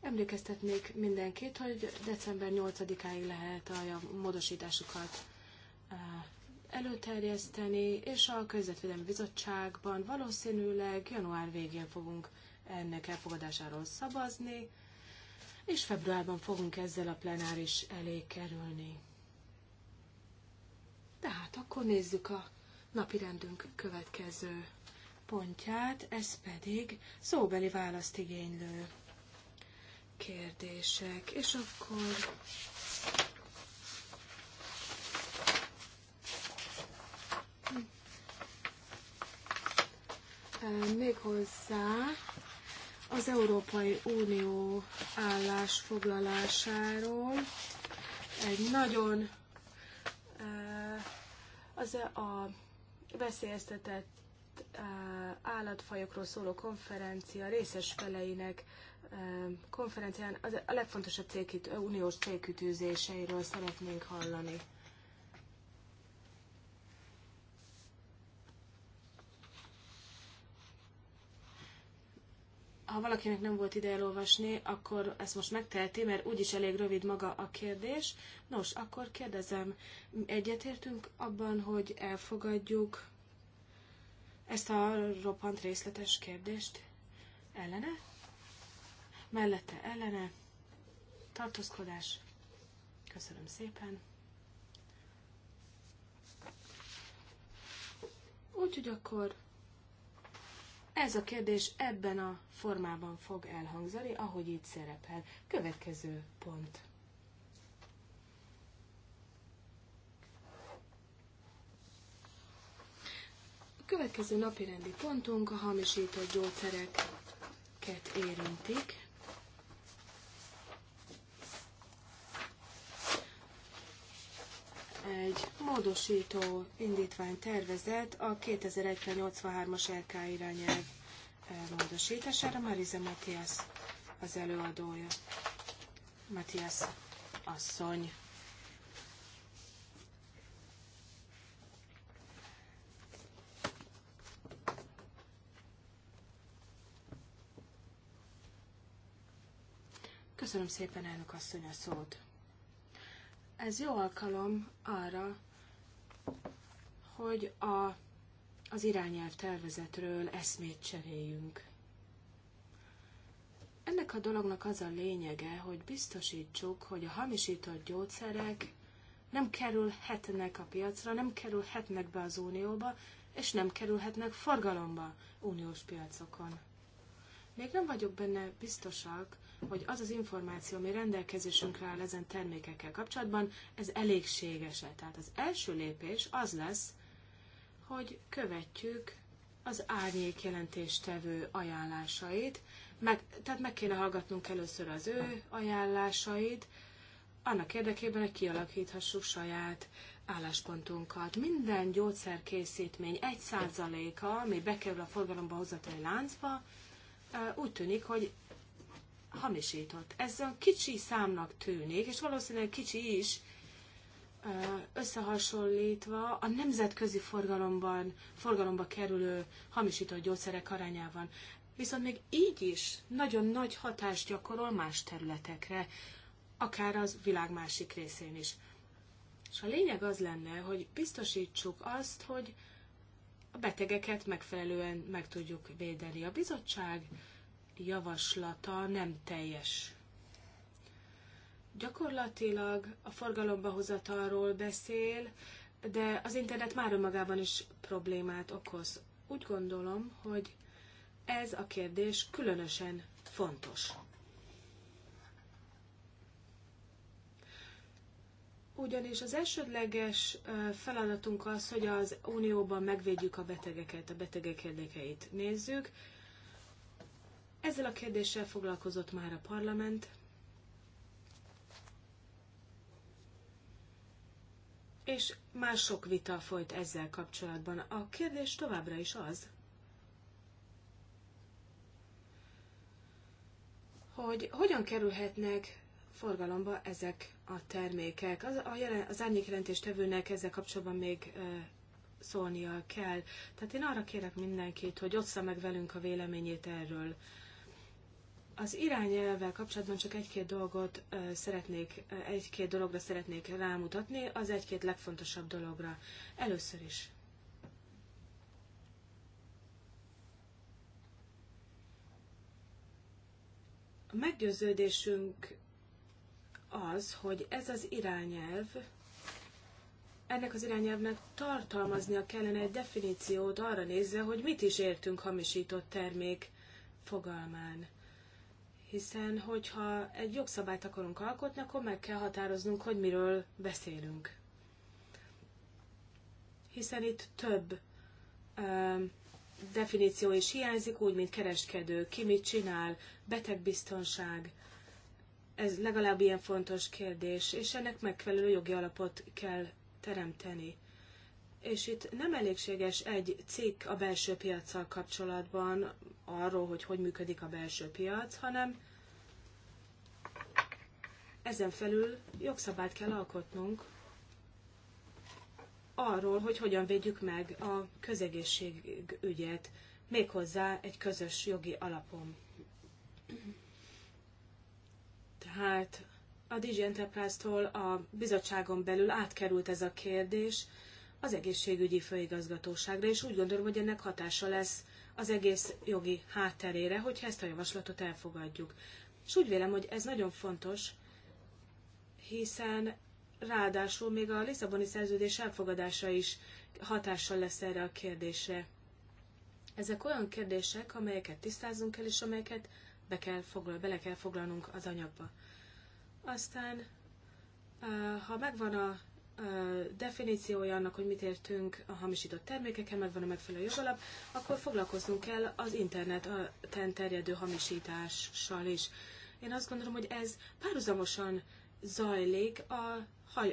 Emlékeztetnék mindenkit, hogy december 8-áig lehet a módosításukat eh, előterjeszteni, és a Közvetvédelmi Bizottságban valószínűleg január végén fogunk ennek elfogadásáról szavazni, és februárban fogunk ezzel a plenáris elé kerülni. Tehát akkor nézzük a rendünk következő pontját, ez pedig szóbeli választ igénylő kérdések. És akkor hm. méghozzá az Európai Unió állásfoglalásáról egy nagyon e, az e, a veszélyeztetett e, állatfajokról szóló konferencia részes feleinek konferencián az a legfontosabb célkit, uniós célkütőzéseiről szeretnénk hallani. ha valakinek nem volt ide olvasni, akkor ezt most megteheti, mert úgyis elég rövid maga a kérdés. Nos, akkor kérdezem, egyetértünk abban, hogy elfogadjuk ezt a roppant részletes kérdést? Ellene? Mellette ellene? Tartózkodás? Köszönöm szépen. Úgyhogy akkor ez a kérdés ebben a formában fog elhangzani, ahogy itt szerepel. Következő pont. A következő napirendi pontunk a hamisított gyógyszereket érintik. módosító indítvány tervezett a 2183 as LK irányelv eh, módosítására. Marize Matthias az előadója. Matthias asszony. Köszönöm szépen, elnök asszony, a szót. Ez jó alkalom arra, hogy a, az irányelv tervezetről eszmét cseréljünk. Ennek a dolognak az a lényege, hogy biztosítsuk, hogy a hamisított gyógyszerek nem kerülhetnek a piacra, nem kerülhetnek be az Unióba, és nem kerülhetnek forgalomba uniós piacokon. Még nem vagyok benne biztosak, hogy az az információ, ami rendelkezésünkre áll ezen termékekkel kapcsolatban, ez elégséges-e. Tehát az első lépés az lesz, hogy követjük az árnyék jelentéstevő ajánlásait, meg, tehát meg kéne hallgatnunk először az ő ajánlásait, annak érdekében, hogy kialakíthassuk saját álláspontunkat. Minden gyógyszerkészítmény egy százaléka, ami bekerül a forgalomba hozatali láncba, úgy tűnik, hogy hamisított. Ez a kicsi számnak tűnik, és valószínűleg kicsi is, összehasonlítva a nemzetközi forgalomban, forgalomba kerülő hamisított gyógyszerek arányában. Viszont még így is nagyon nagy hatást gyakorol más területekre, akár az világ másik részén is. És a lényeg az lenne, hogy biztosítsuk azt, hogy a betegeket megfelelően meg tudjuk védeni. A bizottság javaslata nem teljes. Gyakorlatilag a forgalomba hozatalról beszél, de az internet már önmagában is problémát okoz. Úgy gondolom, hogy ez a kérdés különösen fontos. Ugyanis az elsődleges feladatunk az, hogy az Unióban megvédjük a betegeket, a betegek érdekeit nézzük, ezzel a kérdéssel foglalkozott már a parlament, és már sok vita folyt ezzel kapcsolatban. A kérdés továbbra is az, hogy hogyan kerülhetnek forgalomba ezek a termékek. Az, a jelen, az árnyékjelentéstevőnek ezzel kapcsolatban még e, szólnia kell. Tehát én arra kérek mindenkit, hogy ossza meg velünk a véleményét erről. Az irányelvvel kapcsolatban csak egy-két dolgot szeretnék, egy-két dologra szeretnék rámutatni, az egy-két legfontosabb dologra. Először is. A meggyőződésünk az, hogy ez az irányelv, ennek az irányelvnek tartalmaznia kellene egy definíciót arra nézve, hogy mit is értünk hamisított termék fogalmán hiszen hogyha egy jogszabályt akarunk alkotni, akkor meg kell határoznunk, hogy miről beszélünk. Hiszen itt több ö, definíció is hiányzik, úgy, mint kereskedő, ki mit csinál, betegbiztonság. Ez legalább ilyen fontos kérdés, és ennek megfelelő jogi alapot kell teremteni. És itt nem elégséges egy cikk a belső piacsal kapcsolatban arról, hogy hogy működik a belső piac, hanem ezen felül jogszabályt kell alkotnunk arról, hogy hogyan védjük meg a közegészségügyet, méghozzá egy közös jogi alapon. Tehát a Digi Enterprise-tól a bizottságon belül átkerült ez a kérdés, az egészségügyi főigazgatóságra, és úgy gondolom, hogy ennek hatása lesz az egész jogi hátterére, hogyha ezt a javaslatot elfogadjuk. És úgy vélem, hogy ez nagyon fontos, hiszen ráadásul még a Lisszaboni szerződés elfogadása is hatással lesz erre a kérdésre. Ezek olyan kérdések, amelyeket tisztázunk kell, és amelyeket be kell foglal, bele kell foglalnunk az anyagba. Aztán, eh, ha megvan a definíciója annak, hogy mit értünk a hamisított termékeken, megvan a megfelelő jogalap, akkor foglalkoznunk kell az interneten terjedő hamisítással is. Én azt gondolom, hogy ez párhuzamosan zajlik a,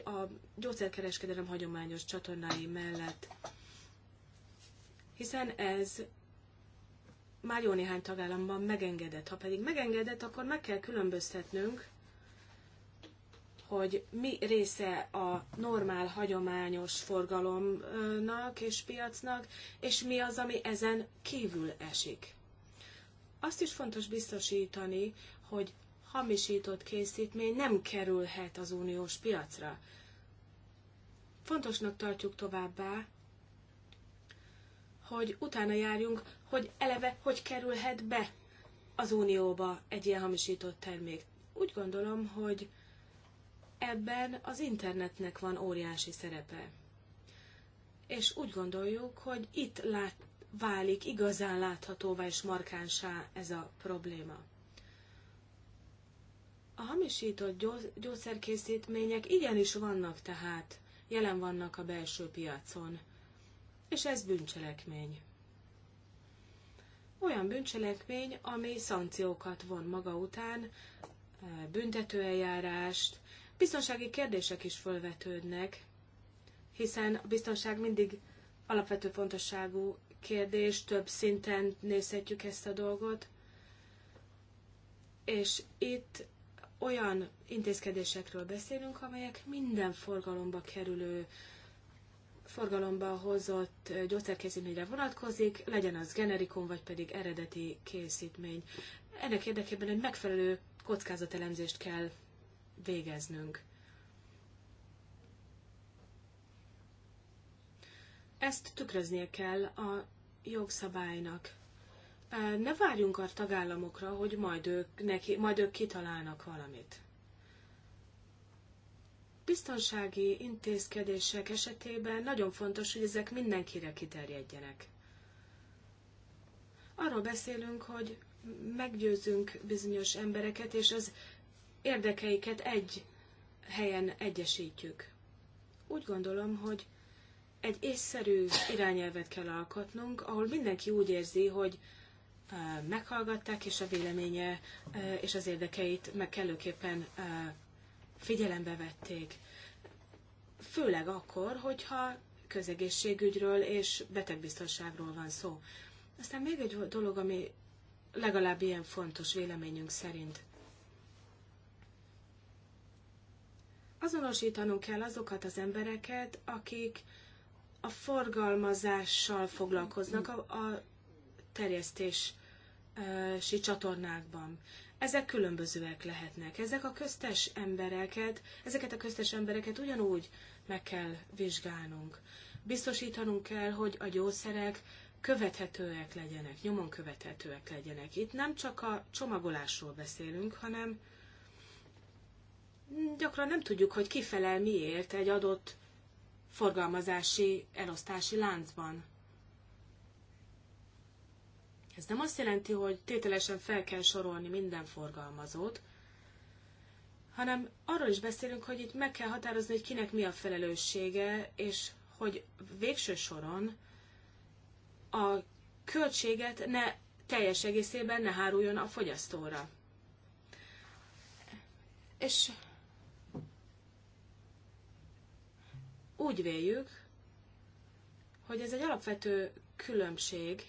a gyógyszerkereskedelem hagyományos csatornái mellett. Hiszen ez már jó néhány tagállamban megengedett. Ha pedig megengedett, akkor meg kell különböztetnünk hogy mi része a normál, hagyományos forgalomnak és piacnak, és mi az, ami ezen kívül esik. Azt is fontos biztosítani, hogy hamisított készítmény nem kerülhet az uniós piacra. Fontosnak tartjuk továbbá, hogy utána járjunk, hogy eleve hogy kerülhet be az unióba egy ilyen hamisított termék. Úgy gondolom, hogy ebben az internetnek van óriási szerepe. És úgy gondoljuk, hogy itt lát, válik igazán láthatóvá és markánsá ez a probléma. A hamisított gyógyszerkészítmények igenis vannak tehát, jelen vannak a belső piacon, és ez bűncselekmény. Olyan bűncselekmény, ami szankciókat von maga után, e, büntetőeljárást, Biztonsági kérdések is fölvetődnek, hiszen a biztonság mindig alapvető fontosságú kérdés, több szinten nézhetjük ezt a dolgot, és itt olyan intézkedésekről beszélünk, amelyek minden forgalomba kerülő, forgalomba hozott gyógyszerkészítményre vonatkozik, legyen az generikum, vagy pedig eredeti készítmény. Ennek érdekében egy megfelelő kockázatelemzést kell végeznünk. Ezt tükröznie kell a jogszabálynak. Ne várjunk a tagállamokra, hogy majd ők, neki, majd ők kitalálnak valamit. Biztonsági intézkedések esetében nagyon fontos, hogy ezek mindenkire kiterjedjenek. Arról beszélünk, hogy meggyőzünk bizonyos embereket, és az érdekeiket egy helyen egyesítjük. Úgy gondolom, hogy egy észszerű irányelvet kell alkotnunk, ahol mindenki úgy érzi, hogy meghallgatták, és a véleménye és az érdekeit meg kellőképpen figyelembe vették. Főleg akkor, hogyha közegészségügyről és betegbiztonságról van szó. Aztán még egy dolog, ami legalább ilyen fontos véleményünk szerint. azonosítanunk kell azokat az embereket, akik a forgalmazással foglalkoznak a, a terjesztési csatornákban. Ezek különbözőek lehetnek. Ezek a köztes embereket, ezeket a köztes embereket ugyanúgy meg kell vizsgálnunk. Biztosítanunk kell, hogy a gyógyszerek követhetőek legyenek, nyomon követhetőek legyenek. Itt nem csak a csomagolásról beszélünk, hanem gyakran nem tudjuk, hogy kifelel miért egy adott forgalmazási, elosztási láncban. Ez nem azt jelenti, hogy tételesen fel kell sorolni minden forgalmazót, hanem arról is beszélünk, hogy itt meg kell határozni, hogy kinek mi a felelőssége, és hogy végső soron a költséget ne teljes egészében ne háruljon a fogyasztóra. És úgy véljük, hogy ez egy alapvető különbség.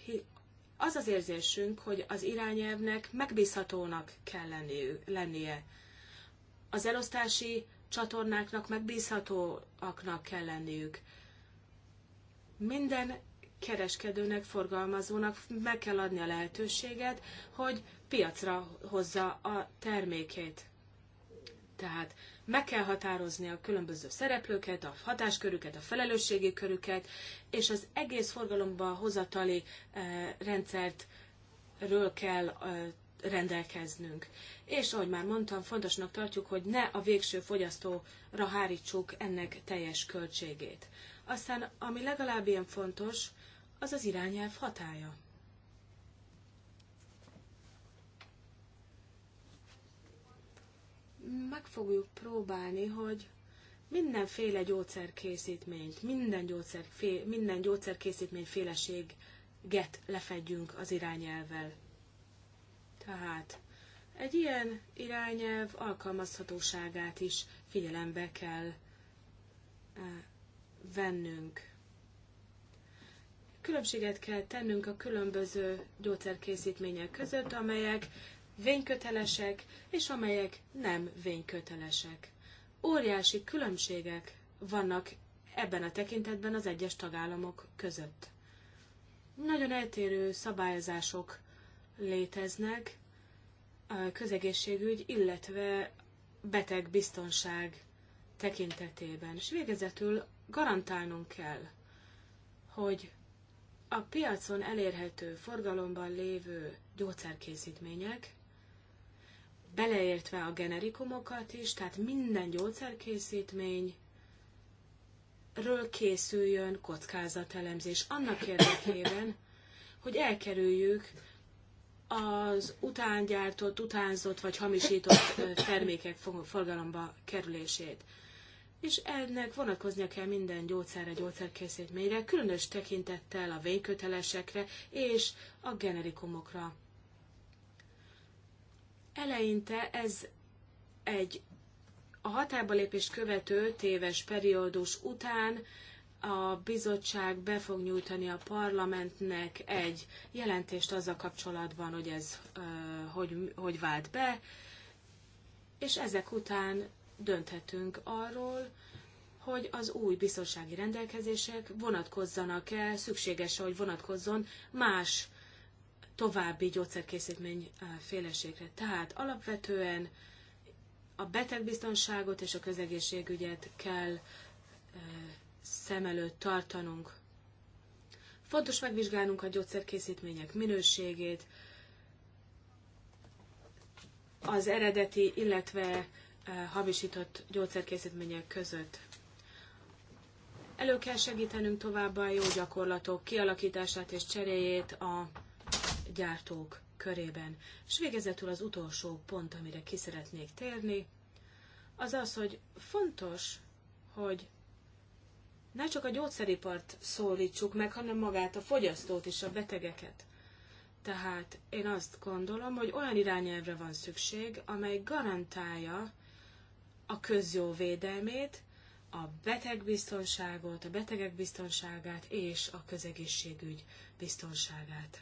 Az az érzésünk, hogy az irányelvnek megbízhatónak kell lennie. Az elosztási csatornáknak megbízhatóaknak kell lenniük. Minden kereskedőnek, forgalmazónak meg kell adni a lehetőséget, hogy piacra hozza a termékét. Tehát meg kell határozni a különböző szereplőket, a hatáskörüket, a felelősségi körüket, és az egész forgalomba hozatali eh, rendszertről rendszert ről kell eh, rendelkeznünk. És ahogy már mondtam, fontosnak tartjuk, hogy ne a végső fogyasztóra hárítsuk ennek teljes költségét. Aztán, ami legalább ilyen fontos, az az irányelv hatája. meg fogjuk próbálni, hogy mindenféle gyógyszerkészítményt, minden, gyógyszer, fé, minden gyógyszerkészítmény féleséget lefedjünk az irányelvvel. Tehát egy ilyen irányelv alkalmazhatóságát is figyelembe kell eh, vennünk. Különbséget kell tennünk a különböző gyógyszerkészítmények között, amelyek vénykötelesek, és amelyek nem vénykötelesek. Óriási különbségek vannak ebben a tekintetben az egyes tagállamok között. Nagyon eltérő szabályozások léteznek a közegészségügy, illetve betegbiztonság tekintetében. És végezetül garantálnunk kell, hogy a piacon elérhető forgalomban lévő gyógyszerkészítmények beleértve a generikumokat is, tehát minden gyógyszerkészítmény ről készüljön kockázatelemzés annak érdekében, hogy elkerüljük az utángyártott, utánzott vagy hamisított termékek forgalomba kerülését. És ennek vonatkoznia kell minden gyógyszerre, gyógyszerkészítményre, különös tekintettel a vénykötelesekre és a generikumokra. Eleinte ez egy a hatályba lépés követő téves periódus után a bizottság be fog nyújtani a parlamentnek egy jelentést azzal kapcsolatban, hogy ez hogy, hogy vált be, és ezek után dönthetünk arról, hogy az új biztonsági rendelkezések vonatkozzanak-e, szükséges, hogy vonatkozzon más további gyógyszerkészítmény féleségre. Tehát alapvetően a betegbiztonságot és a közegészségügyet kell szem előtt tartanunk. Fontos megvizsgálnunk a gyógyszerkészítmények minőségét, az eredeti, illetve hamisított gyógyszerkészítmények között. Elő kell segítenünk továbbá jó gyakorlatok kialakítását és cseréjét a gyártók körében. És végezetül az utolsó pont, amire ki szeretnék térni, az az, hogy fontos, hogy ne csak a gyógyszeripart szólítsuk meg, hanem magát a fogyasztót és a betegeket. Tehát én azt gondolom, hogy olyan irányelvre van szükség, amely garantálja a közjó védelmét, a betegbiztonságot, a betegek biztonságát és a közegészségügy biztonságát.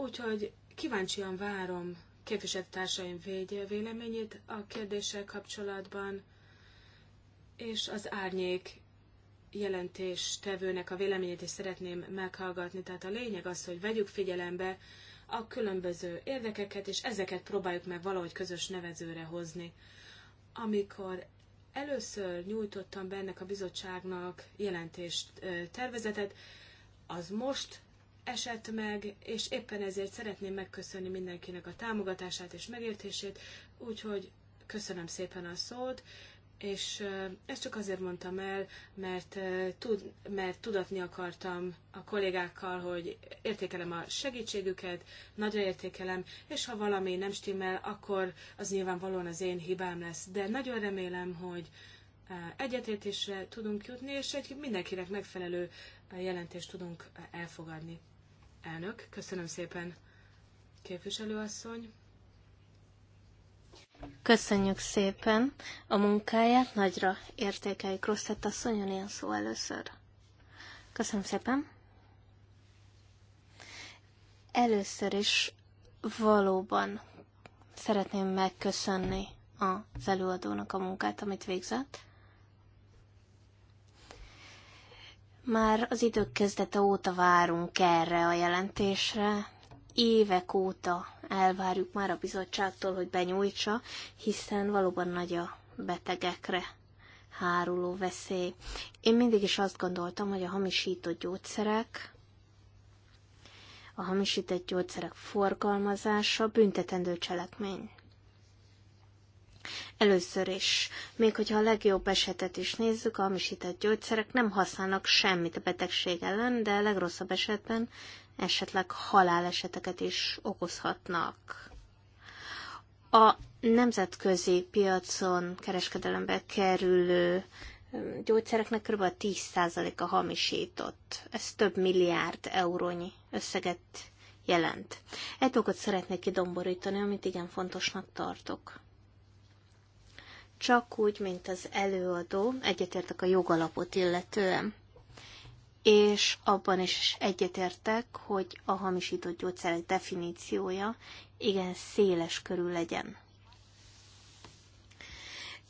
Úgyhogy kíváncsian várom képviselőtársaim véleményét a kérdéssel kapcsolatban, és az árnyék jelentés tevőnek a véleményét is szeretném meghallgatni. Tehát a lényeg az, hogy vegyük figyelembe a különböző érdekeket, és ezeket próbáljuk meg valahogy közös nevezőre hozni. Amikor először nyújtottam be ennek a bizottságnak jelentést, tervezetet, az most esett meg, és éppen ezért szeretném megköszönni mindenkinek a támogatását és megértését, úgyhogy köszönöm szépen a szót, és ezt csak azért mondtam el, mert, tud, mert tudatni akartam a kollégákkal, hogy értékelem a segítségüket, nagyra értékelem, és ha valami nem stimmel, akkor az nyilvánvalóan az én hibám lesz. De nagyon remélem, hogy egyetértésre tudunk jutni, és egy mindenkinek megfelelő jelentést tudunk elfogadni. Elnök, köszönöm szépen, képviselőasszony. Köszönjük szépen a munkáját, nagyra értékeljük Rosszett asszonyon ilyen szó először. Köszönöm szépen. Először is valóban szeretném megköszönni az előadónak a munkát, amit végzett. Már az idők kezdete óta várunk erre a jelentésre. Évek óta elvárjuk már a bizottságtól, hogy benyújtsa, hiszen valóban nagy a betegekre háruló veszély. Én mindig is azt gondoltam, hogy a hamisított gyógyszerek, a hamisített gyógyszerek forgalmazása büntetendő cselekmény. Először is, még hogyha a legjobb esetet is nézzük, a hamisített gyógyszerek nem használnak semmit a betegség ellen, de a legrosszabb esetben esetleg haláleseteket is okozhatnak. A nemzetközi piacon kereskedelembe kerülő gyógyszereknek kb. 10%-a hamisított. Ez több milliárd eurónyi összeget jelent. Egy dolgot szeretnék kidomborítani, amit igen fontosnak tartok csak úgy, mint az előadó, egyetértek a jogalapot illetően. És abban is egyetértek, hogy a hamisított gyógyszerek definíciója igen széles körül legyen.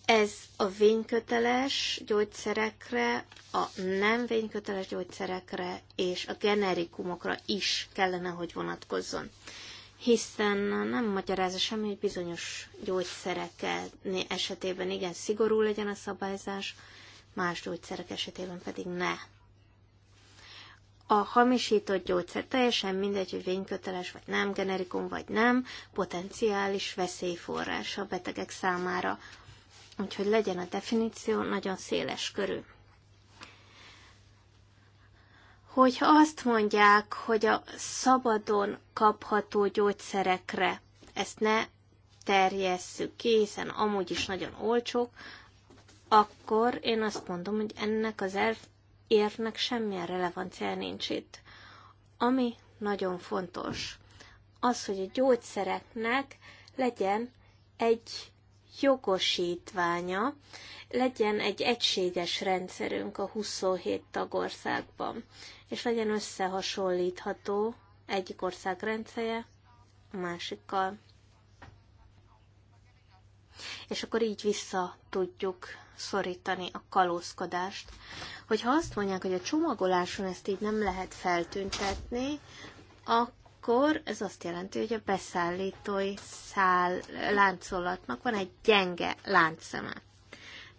Ez a vényköteles gyógyszerekre, a nem vényköteles gyógyszerekre és a generikumokra is kellene, hogy vonatkozzon hiszen nem magyarázza semmi, hogy bizonyos gyógyszerek esetében igen szigorú legyen a szabályzás, más gyógyszerek esetében pedig ne. A hamisított gyógyszer teljesen mindegy, hogy vényköteles vagy nem, generikum vagy nem, potenciális veszélyforrás a betegek számára. Úgyhogy legyen a definíció nagyon széles körül hogyha azt mondják, hogy a szabadon kapható gyógyszerekre ezt ne terjesszük ki, hiszen amúgy is nagyon olcsók, akkor én azt mondom, hogy ennek az érnek semmilyen relevancia nincs itt. Ami nagyon fontos, az, hogy a gyógyszereknek legyen egy jogosítványa, legyen egy egységes rendszerünk a 27 tagországban, és legyen összehasonlítható egyik ország rendszere a másikkal. És akkor így vissza tudjuk szorítani a kalózkodást. Hogyha azt mondják, hogy a csomagoláson ezt így nem lehet feltüntetni, akkor akkor ez azt jelenti, hogy a beszállítói szál láncolatnak van egy gyenge láncszeme.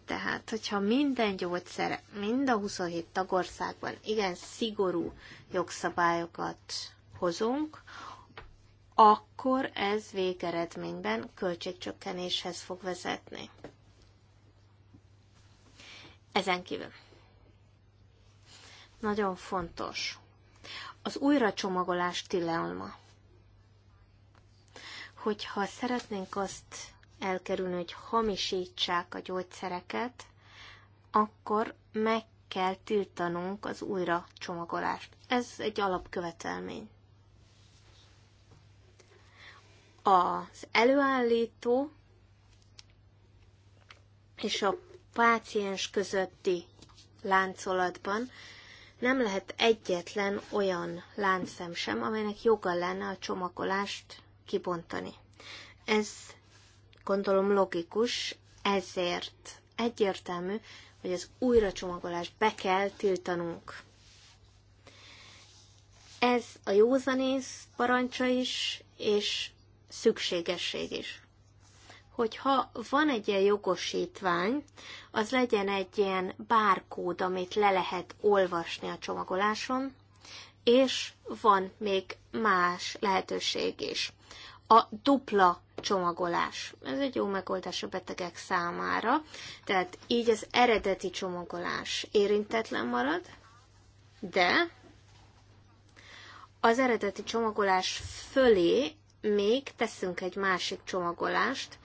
Tehát, hogyha minden gyógyszer, mind a 27 tagországban igen szigorú jogszabályokat hozunk, akkor ez végeredményben költségcsökkenéshez fog vezetni. Ezen kívül. Nagyon fontos, az újracsomagolás tilalma. Hogyha szeretnénk azt elkerülni, hogy hamisítsák a gyógyszereket, akkor meg kell tiltanunk az újracsomagolást. Ez egy alapkövetelmény. Az előállító és a páciens közötti láncolatban nem lehet egyetlen olyan láncszem sem, amelynek joga lenne a csomagolást kibontani. Ez gondolom logikus, ezért egyértelmű, hogy az újracsomagolás be kell tiltanunk. Ez a józanész parancsa is, és szükségesség is hogy ha van egy ilyen jogosítvány, az legyen egy ilyen bárkód, amit le lehet olvasni a csomagoláson, és van még más lehetőség is. A dupla csomagolás. Ez egy jó megoldás a betegek számára. Tehát így az eredeti csomagolás érintetlen marad, de az eredeti csomagolás fölé még teszünk egy másik csomagolást,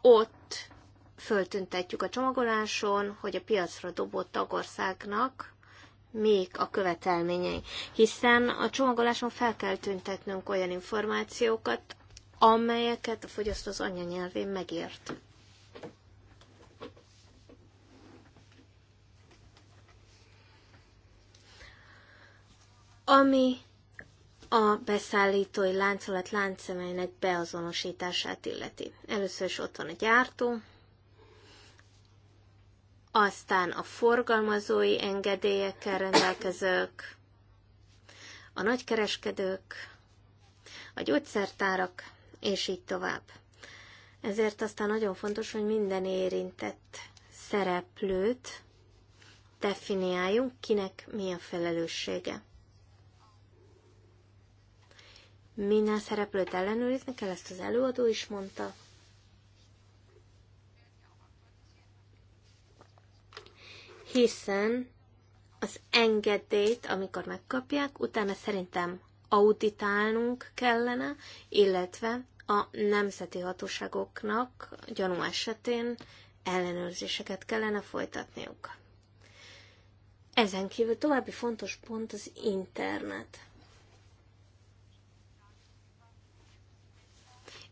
ott föltüntetjük a csomagoláson, hogy a piacra dobott tagországnak még a követelményei. Hiszen a csomagoláson fel kell tüntetnünk olyan információkat, amelyeket a fogyasztó az anyanyelvén megért. Ami a beszállítói láncolat láncszemeinek beazonosítását illeti. Először is ott van a gyártó, aztán a forgalmazói engedélyekkel rendelkezők, a nagykereskedők, a gyógyszertárak, és így tovább. Ezért aztán nagyon fontos, hogy minden érintett szereplőt definiáljunk, kinek mi a felelőssége. minden szereplőt ellenőrizni kell, ezt az előadó is mondta. Hiszen az engedélyt, amikor megkapják, utána szerintem auditálnunk kellene, illetve a nemzeti hatóságoknak gyanú esetén ellenőrzéseket kellene folytatniuk. Ezen kívül további fontos pont az internet.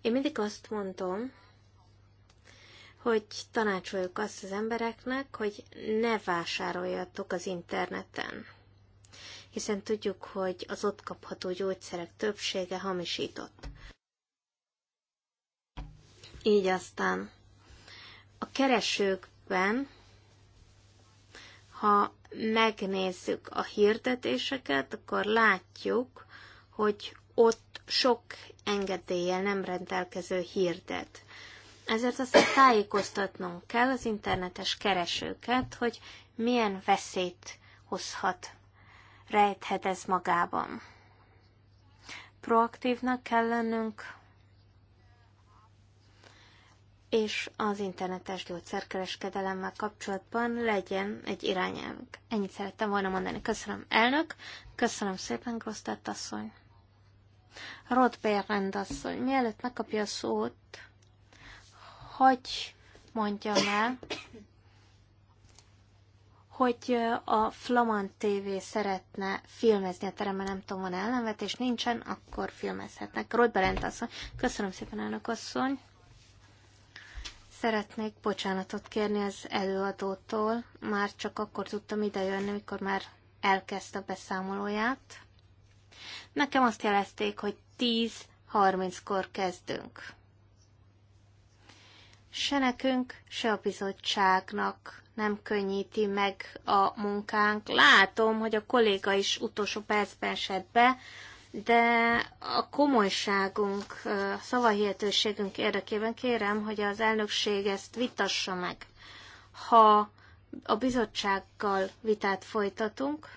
Én mindig azt mondom, hogy tanácsoljuk azt az embereknek, hogy ne vásároljatok az interneten. Hiszen tudjuk, hogy az ott kapható gyógyszerek többsége hamisított. Így aztán a keresőkben, ha megnézzük a hirdetéseket, akkor látjuk, hogy ott sok engedéllyel nem rendelkező hirdet. Ezért aztán tájékoztatnunk kell az internetes keresőket, hogy milyen veszélyt hozhat, rejthet ez magában. Proaktívnak kell lennünk, és az internetes gyógyszerkereskedelemmel kapcsolatban legyen egy irányelvünk. Ennyit szerettem volna mondani. Köszönöm, elnök, köszönöm szépen, Grosztett asszony. Rod Bérend asszony, mielőtt megkapja a szót, hogy mondja el, hogy a Flamand TV szeretne filmezni a teremben, nem tudom, van és nincsen, akkor filmezhetnek. Rod Berend asszony, köszönöm szépen, elnök asszony. Szeretnék bocsánatot kérni az előadótól, már csak akkor tudtam idejönni, mikor már elkezdte a beszámolóját. Nekem azt jelezték, hogy 10-30-kor kezdünk. Se nekünk, se a bizottságnak nem könnyíti meg a munkánk. Látom, hogy a kolléga is utolsó percben esett be, de a komolyságunk, a szavahihetőségünk érdekében kérem, hogy az elnökség ezt vitassa meg. Ha a bizottsággal vitát folytatunk,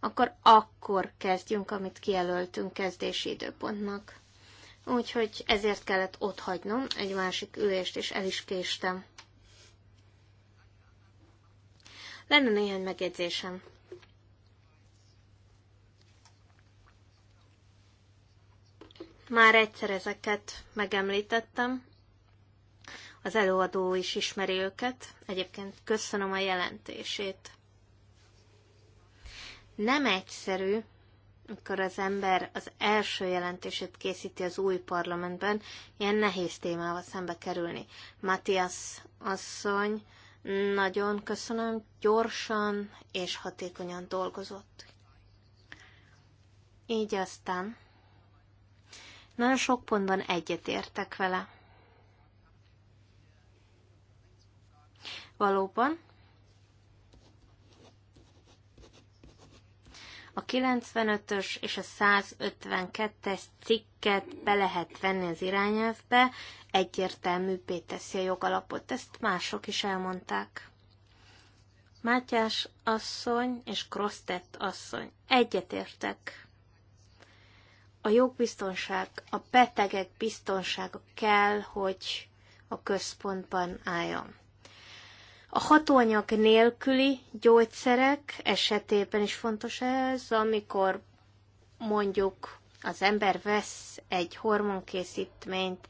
akkor akkor kezdjünk, amit kijelöltünk kezdési időpontnak. Úgyhogy ezért kellett ott hagynom egy másik ülést, és el is késtem. Lenne néhány megjegyzésem. Már egyszer ezeket megemlítettem, az előadó is ismeri őket. Egyébként köszönöm a jelentését. Nem egyszerű, amikor az ember az első jelentését készíti az új parlamentben, ilyen nehéz témával szembe kerülni. Matthias asszony, nagyon köszönöm, gyorsan és hatékonyan dolgozott. Így aztán nagyon sok pontban egyetértek vele. Valóban, A 95-ös és a 152-es cikket be lehet venni az irányelvbe, egyértelműbbé teszi a jogalapot, ezt mások is elmondták. Mátyás asszony és Krosztett asszony egyetértek. A jogbiztonság, a betegek biztonsága kell, hogy a központban álljon. A hatóanyag nélküli gyógyszerek esetében is fontos ez, amikor mondjuk az ember vesz egy hormonkészítményt,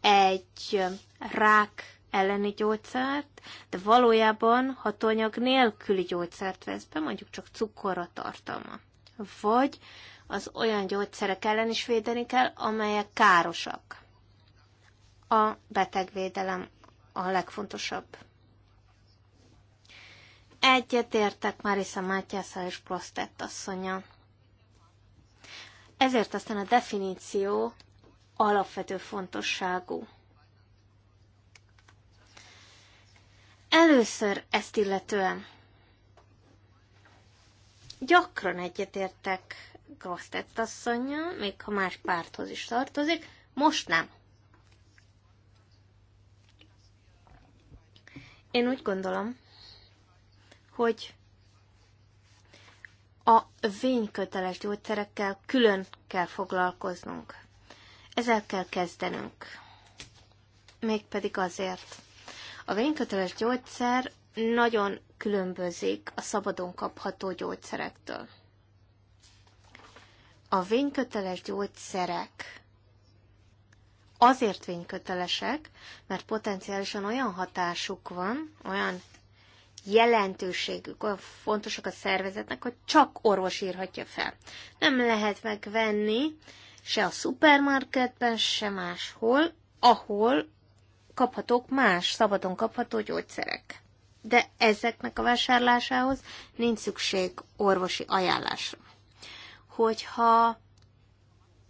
egy rák elleni gyógyszert, de valójában hatóanyag nélküli gyógyszert vesz be, mondjuk csak cukorra tartalma. Vagy az olyan gyógyszerek ellen is védeni kell, amelyek károsak. A betegvédelem a legfontosabb. Egyetértek Marisa Mátyásza és Prostett asszonya. Ezért aztán a definíció alapvető fontosságú. Először ezt illetően gyakran egyetértek Grosztett asszonya, még ha más párthoz is tartozik, most nem. Én úgy gondolom, hogy a vényköteles gyógyszerekkel külön kell foglalkoznunk. Ezzel kell kezdenünk. Mégpedig azért. A vényköteles gyógyszer nagyon különbözik a szabadon kapható gyógyszerektől. A vényköteles gyógyszerek azért vénykötelesek, mert potenciálisan olyan hatásuk van, olyan jelentőségük, olyan fontosak a szervezetnek, hogy csak orvos írhatja fel. Nem lehet megvenni se a szupermarketben, se máshol, ahol kaphatók más, szabadon kapható gyógyszerek. De ezeknek a vásárlásához nincs szükség orvosi ajánlásra. Hogyha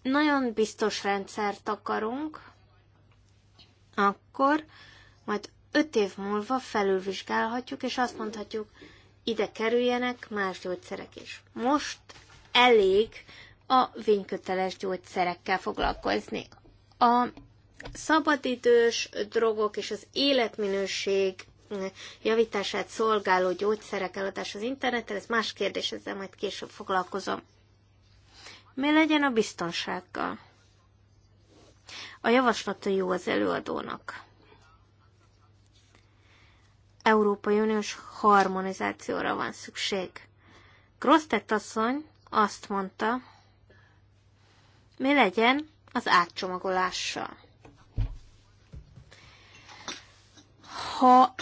nagyon biztos rendszert akarunk, akkor majd öt év múlva felülvizsgálhatjuk, és azt mondhatjuk, ide kerüljenek más gyógyszerek is. Most elég a vényköteles gyógyszerekkel foglalkozni. A szabadidős drogok és az életminőség javítását szolgáló gyógyszerek eladás az interneten, ez más kérdés, ezzel majd később foglalkozom. Mi legyen a biztonsággal? A javaslata jó az előadónak. Európai Uniós harmonizációra van szükség. Grosztett asszony azt mondta, mi legyen az átcsomagolással. Ha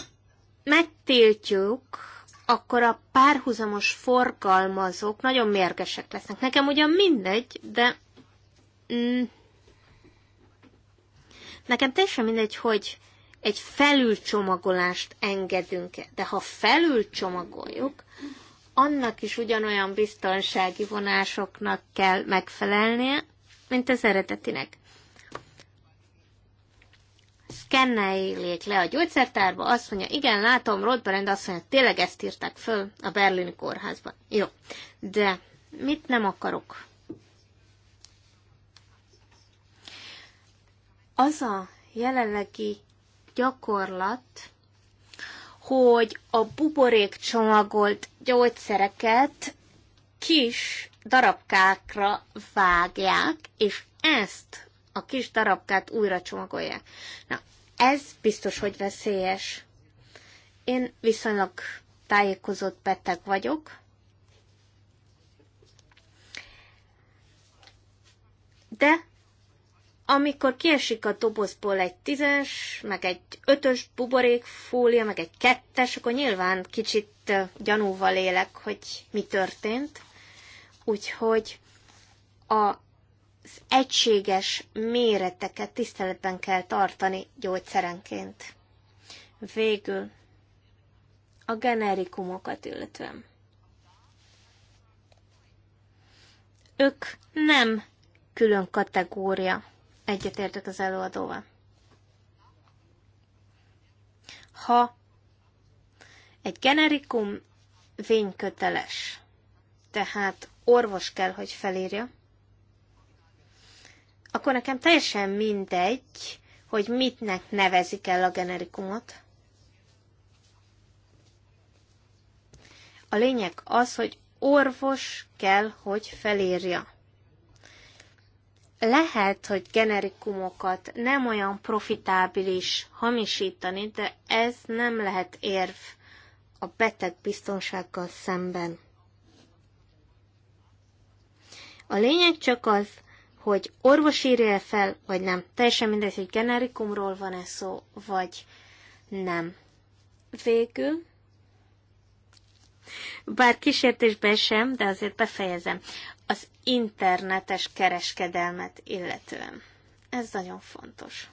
megtiltjuk, akkor a párhuzamos forgalmazók nagyon mérgesek lesznek. Nekem ugyan mindegy, de mm, nekem teljesen mindegy, hogy egy felülcsomagolást engedünk -e. De ha felülcsomagoljuk, annak is ugyanolyan biztonsági vonásoknak kell megfelelnie, mint az eredetinek. Szkenneljék le a gyógyszertárba, azt mondja, igen, látom, Rothberend azt mondja, tényleg ezt írták föl a berlini kórházban. Jó, de mit nem akarok? Az a jelenlegi gyakorlat, hogy a buborék csomagolt gyógyszereket kis darabkákra vágják, és ezt a kis darabkát újra csomagolják. Na, ez biztos, hogy veszélyes. Én viszonylag tájékozott beteg vagyok. De amikor kiesik a dobozból egy tízes, meg egy ötös buborékfólia, meg egy kettes, akkor nyilván kicsit gyanúval élek, hogy mi történt. Úgyhogy a az egységes méreteket tiszteletben kell tartani gyógyszerenként. Végül a generikumokat illetően. Ők nem külön kategória. Egyetértek az előadóval. Ha egy generikum vényköteles, tehát orvos kell, hogy felírja, akkor nekem teljesen mindegy, hogy mitnek nevezik el a generikumot. A lényeg az, hogy orvos kell, hogy felírja lehet, hogy generikumokat nem olyan profitábilis hamisítani, de ez nem lehet érv a beteg biztonsággal szemben. A lényeg csak az, hogy orvos írja fel, vagy nem. Teljesen mindegy, hogy generikumról van-e szó, vagy nem. Végül, bár kísértésben sem, de azért befejezem az internetes kereskedelmet illetően. Ez nagyon fontos.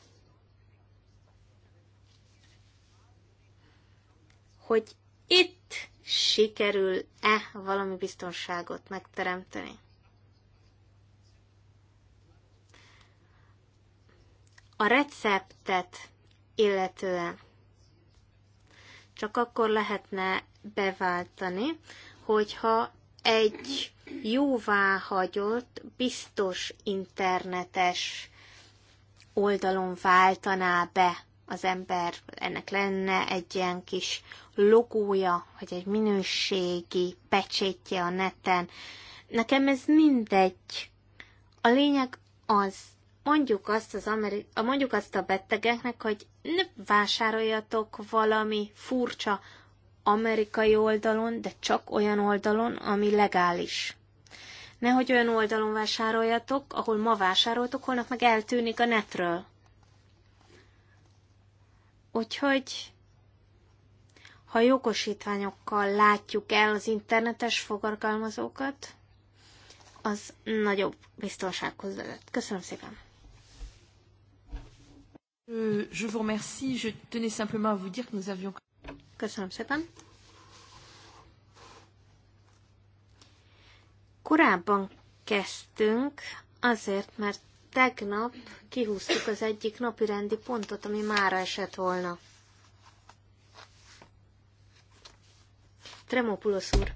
Hogy itt sikerül-e valami biztonságot megteremteni. A receptet illetően csak akkor lehetne beváltani, hogyha egy jóváhagyott, biztos internetes oldalon váltaná be az ember, ennek lenne egy ilyen kis logója, vagy egy minőségi pecsétje a neten. Nekem ez mindegy. A lényeg az, mondjuk azt, az Ameri- mondjuk azt a betegeknek, hogy ne vásároljatok valami furcsa amerikai oldalon, de csak olyan oldalon, ami legális. Nehogy olyan oldalon vásároljatok, ahol ma vásároltok, holnap meg eltűnik a netről. Úgyhogy, ha jogosítványokkal látjuk el az internetes fogalmazókat, az nagyobb biztonsághoz vezet. Köszönöm szépen! Euh, je vous remercie. Je tenais simplement à vous dire que nous avions. Köszönöm szépen. Korábban kezdtünk, azért, mert tegnap kihúztuk az egyik napi rendi pontot, ami mára esett volna. Tremopulos úr.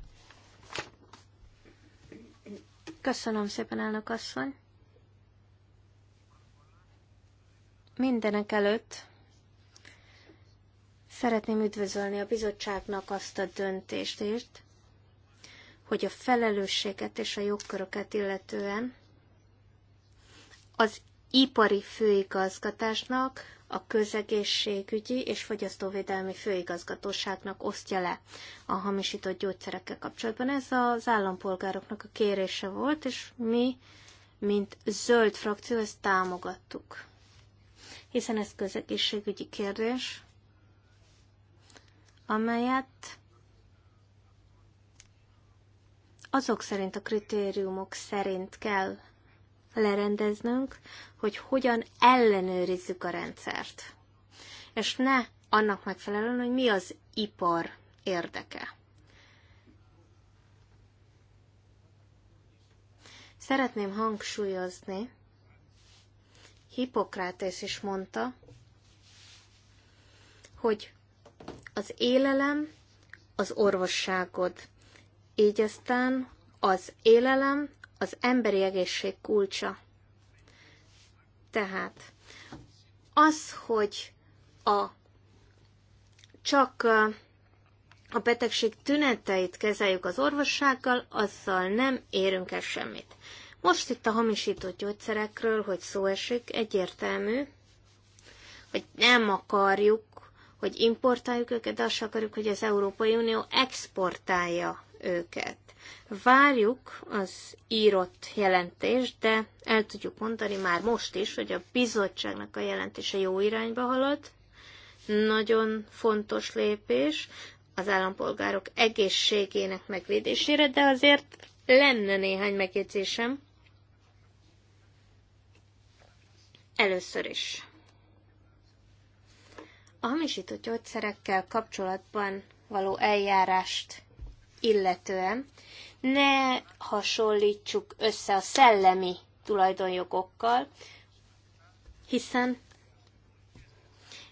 Köszönöm szépen, elnök asszony. Mindenek előtt Szeretném üdvözölni a bizottságnak azt a döntést írt, hogy a felelősséget és a jogköröket illetően az ipari főigazgatásnak, a közegészségügyi és fogyasztóvédelmi főigazgatóságnak osztja le a hamisított gyógyszerekkel kapcsolatban. Ez az állampolgároknak a kérése volt, és mi, mint zöld frakció, ezt támogattuk. Hiszen ez közegészségügyi kérdés, amelyet azok szerint a kritériumok szerint kell lerendeznünk, hogy hogyan ellenőrizzük a rendszert. És ne annak megfelelően, hogy mi az ipar érdeke. Szeretném hangsúlyozni, Hippokrátész is mondta, hogy az élelem az orvosságod. Így aztán az élelem az emberi egészség kulcsa. Tehát az, hogy a csak a betegség tüneteit kezeljük az orvossággal, azzal nem érünk el semmit. Most itt a hamisított gyógyszerekről, hogy szó esik, egyértelmű, hogy nem akarjuk hogy importáljuk őket, de azt akarjuk, hogy az Európai Unió exportálja őket. Várjuk az írott jelentést, de el tudjuk mondani már most is, hogy a bizottságnak a jelentése jó irányba halad. Nagyon fontos lépés az állampolgárok egészségének megvédésére, de azért lenne néhány megjegyzésem. Először is a hamisított gyógyszerekkel kapcsolatban való eljárást illetően ne hasonlítsuk össze a szellemi tulajdonjogokkal, hiszen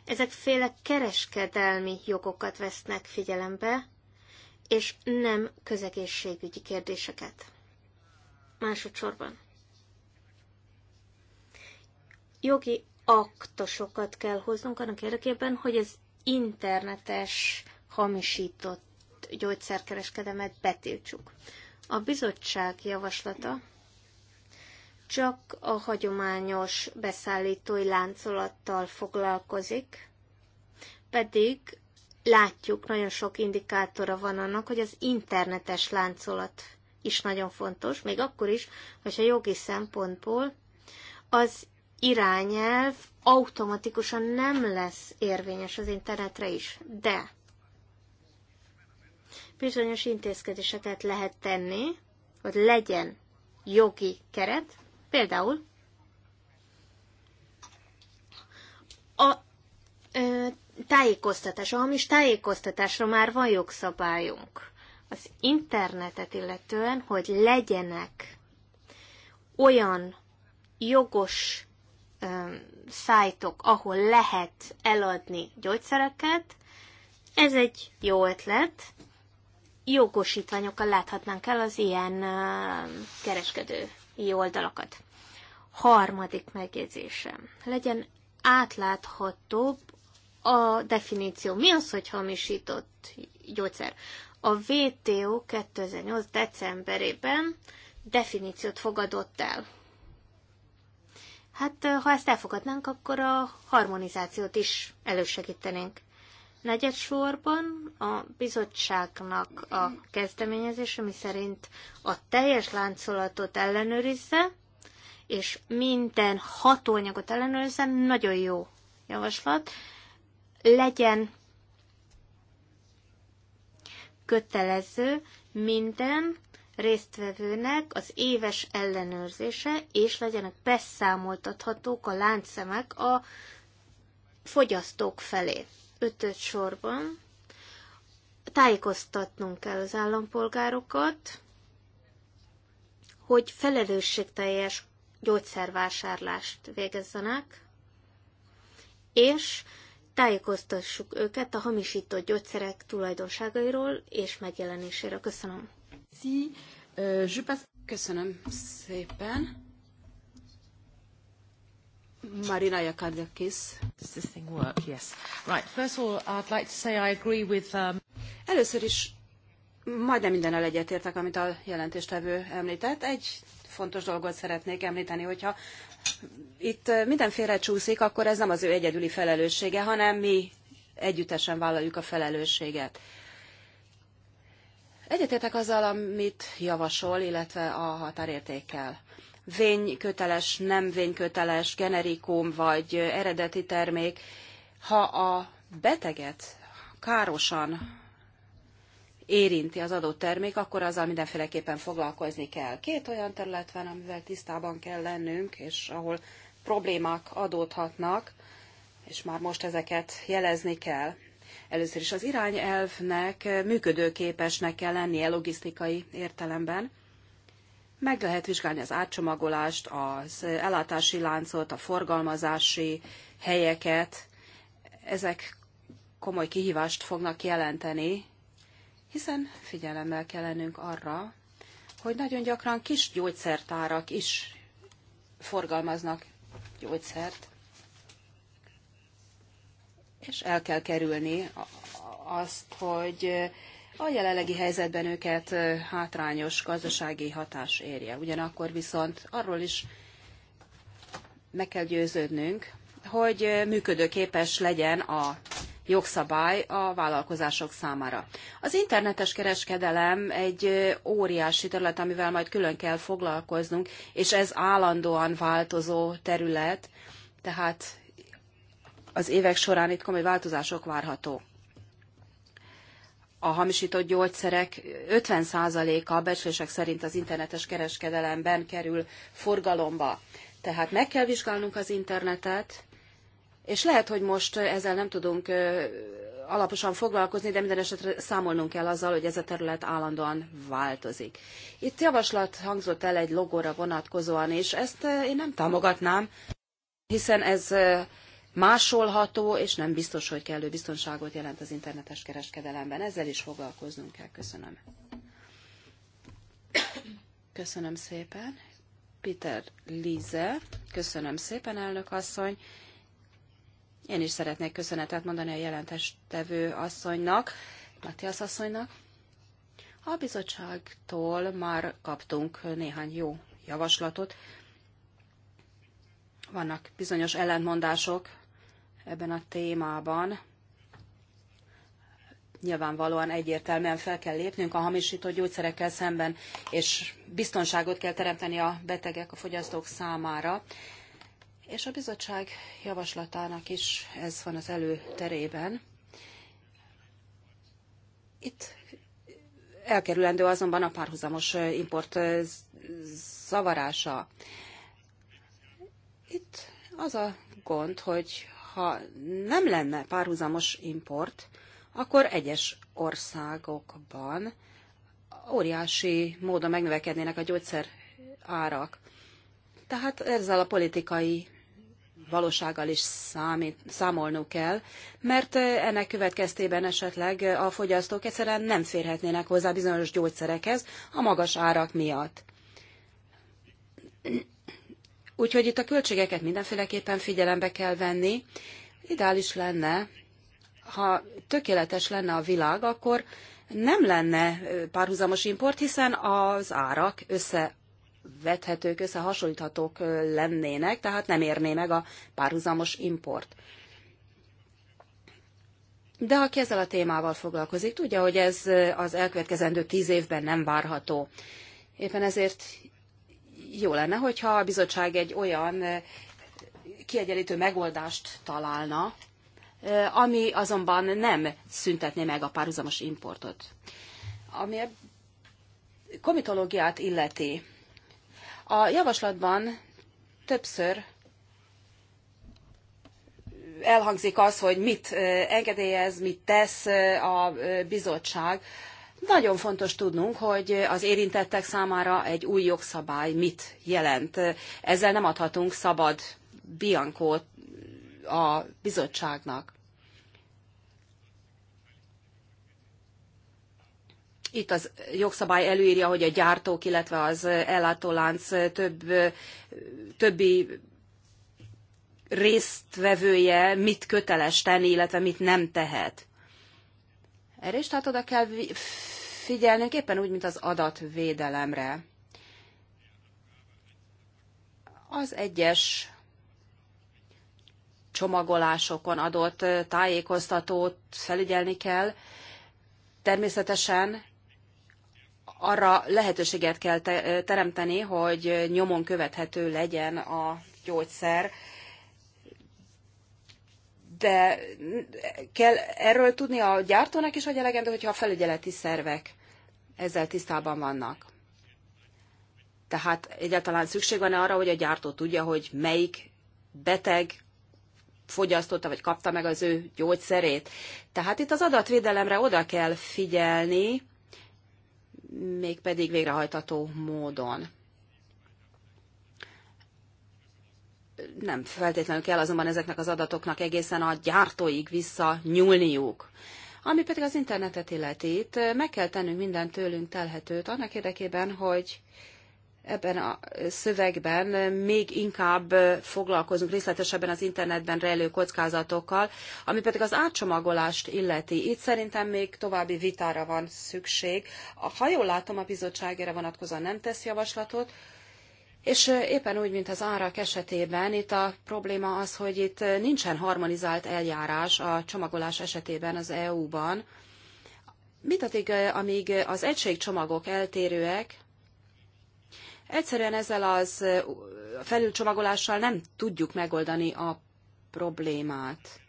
ezek féle kereskedelmi jogokat vesznek figyelembe, és nem közegészségügyi kérdéseket. Másodszorban. Jogi aktosokat kell hoznunk annak érdekében, hogy az internetes hamisított gyógyszerkereskedemet betiltsuk. A bizottság javaslata csak a hagyományos beszállítói láncolattal foglalkozik, pedig látjuk, nagyon sok indikátora van annak, hogy az internetes láncolat is nagyon fontos, még akkor is, hogyha jogi szempontból az irányelv automatikusan nem lesz érvényes az internetre is, de bizonyos intézkedéseket lehet tenni, hogy legyen jogi keret, például a ö, tájékoztatás, a hamis tájékoztatásra már van jogszabályunk. Az internetet illetően, hogy legyenek olyan jogos Um, szájtok, ahol lehet eladni gyógyszereket, ez egy jó ötlet. Jogosítványokkal láthatnánk el az ilyen um, kereskedői oldalakat. Harmadik megjegyzésem. Legyen átláthatóbb a definíció. Mi az, hogy hamisított gyógyszer? A WTO 2008. decemberében definíciót fogadott el Hát ha ezt elfogadnánk, akkor a harmonizációt is elősegítenénk. Negyedsorban a bizottságnak a kezdeményezése, mi szerint a teljes láncolatot ellenőrizze, és minden hatóanyagot ellenőrizze, nagyon jó javaslat. Legyen kötelező minden résztvevőnek az éves ellenőrzése, és legyenek beszámoltathatók a láncszemek a fogyasztók felé. Ötöt sorban tájékoztatnunk kell az állampolgárokat, hogy felelősségteljes gyógyszervásárlást végezzenek, és tájékoztassuk őket a hamisított gyógyszerek tulajdonságairól és megjelenéséről. Köszönöm. Merci. Euh, je passe... Köszönöm szépen. Marina Jakardakis. Does this thing work? Yes. Right. First of all, I'd like to say I agree with. Um... Először is majdnem mindennel egyetértek, amit a jelentéstevő említett. Egy fontos dolgot szeretnék említeni, hogyha itt mindenféle csúszik, akkor ez nem az ő egyedüli felelőssége, hanem mi együttesen vállaljuk a felelősséget. Uh, Egyetértek azzal, amit javasol, illetve a határértékkel. Vényköteles, nem vényköteles, generikum vagy eredeti termék, ha a beteget károsan érinti az adott termék, akkor azzal mindenféleképpen foglalkozni kell. Két olyan terület van, amivel tisztában kell lennünk, és ahol problémák adódhatnak, és már most ezeket jelezni kell. Először is az irányelvnek működőképesnek kell lennie logisztikai értelemben. Meg lehet vizsgálni az átcsomagolást, az ellátási láncot, a forgalmazási helyeket. Ezek komoly kihívást fognak jelenteni, hiszen figyelemmel kell lennünk arra, hogy nagyon gyakran kis gyógyszertárak is forgalmaznak gyógyszert és el kell kerülni azt, hogy a jelenlegi helyzetben őket hátrányos gazdasági hatás érje. Ugyanakkor viszont arról is meg kell győződnünk, hogy működőképes legyen a jogszabály a vállalkozások számára. Az internetes kereskedelem egy óriási terület, amivel majd külön kell foglalkoznunk, és ez állandóan változó terület, tehát az évek során itt komoly változások várható. a hamisított gyógyszerek 50%-a becslések szerint az internetes kereskedelemben kerül forgalomba. Tehát meg kell vizsgálnunk az internetet, és lehet, hogy most ezzel nem tudunk alaposan foglalkozni, de minden esetre számolnunk kell azzal, hogy ez a terület állandóan változik. Itt javaslat hangzott el egy logóra vonatkozóan, és ezt én nem támogatnám, hiszen ez másolható, és nem biztos, hogy kellő biztonságot jelent az internetes kereskedelemben. Ezzel is foglalkoznunk kell. Köszönöm. Köszönöm szépen. Peter Lize. Köszönöm szépen, elnök asszony. Én is szeretnék köszönetet mondani a jelentéstevő asszonynak, Matthias asszonynak. A bizottságtól már kaptunk néhány jó javaslatot. Vannak bizonyos ellentmondások ebben a témában. Nyilvánvalóan egyértelműen fel kell lépnünk a hamisított gyógyszerekkel szemben, és biztonságot kell teremteni a betegek, a fogyasztók számára. És a bizottság javaslatának is ez van az előterében. Itt elkerülendő azonban a párhuzamos import zavarása. Itt az a gond, hogy ha nem lenne párhuzamos import, akkor egyes országokban óriási módon megnövekednének a gyógyszer árak. Tehát ezzel a politikai valósággal is számít, számolnunk kell, mert ennek következtében esetleg a fogyasztók egyszerűen nem férhetnének hozzá bizonyos gyógyszerekhez a magas árak miatt. Úgyhogy itt a költségeket mindenféleképpen figyelembe kell venni. Ideális lenne, ha tökéletes lenne a világ, akkor nem lenne párhuzamos import, hiszen az árak összevethetők, összehasonlíthatók lennének, tehát nem érné meg a párhuzamos import. De aki ezzel a témával foglalkozik, tudja, hogy ez az elkövetkezendő tíz évben nem várható. Éppen ezért jó lenne, hogyha a bizottság egy olyan kiegyenlítő megoldást találna, ami azonban nem szüntetné meg a párhuzamos importot. Ami a komitológiát illeti. A javaslatban többször elhangzik az, hogy mit engedélyez, mit tesz a bizottság nagyon fontos tudnunk, hogy az érintettek számára egy új jogszabály mit jelent. Ezzel nem adhatunk szabad biankót a bizottságnak. Itt az jogszabály előírja, hogy a gyártók, illetve az ellátólánc több, többi résztvevője mit köteles tenni, illetve mit nem tehet erre is, tehát oda kell figyelnünk, éppen úgy, mint az adatvédelemre. Az egyes csomagolásokon adott tájékoztatót felügyelni kell. Természetesen arra lehetőséget kell teremteni, hogy nyomon követhető legyen a gyógyszer, de kell erről tudni a gyártónak is, hogy elegendő, hogyha a felügyeleti szervek ezzel tisztában vannak. Tehát egyáltalán szükség van arra, hogy a gyártó tudja, hogy melyik beteg fogyasztotta vagy kapta meg az ő gyógyszerét. Tehát itt az adatvédelemre oda kell figyelni, mégpedig végrehajtató módon. nem feltétlenül kell azonban ezeknek az adatoknak egészen a gyártóig nyúlniuk. Ami pedig az internetet illeti, itt eh, meg kell tennünk minden tőlünk telhetőt annak érdekében, hogy ebben a szövegben eh, még inkább eh, foglalkozunk részletesebben az internetben rejlő kockázatokkal, ami pedig az átcsomagolást illeti. Itt szerintem még további vitára van szükség. Ha jól látom, a bizottság erre vonatkozóan nem tesz javaslatot, és éppen úgy, mint az árak esetében, itt a probléma az, hogy itt nincsen harmonizált eljárás a csomagolás esetében az EU-ban. Mit addig, amíg az egységcsomagok eltérőek, egyszerűen ezzel az felülcsomagolással nem tudjuk megoldani a problémát.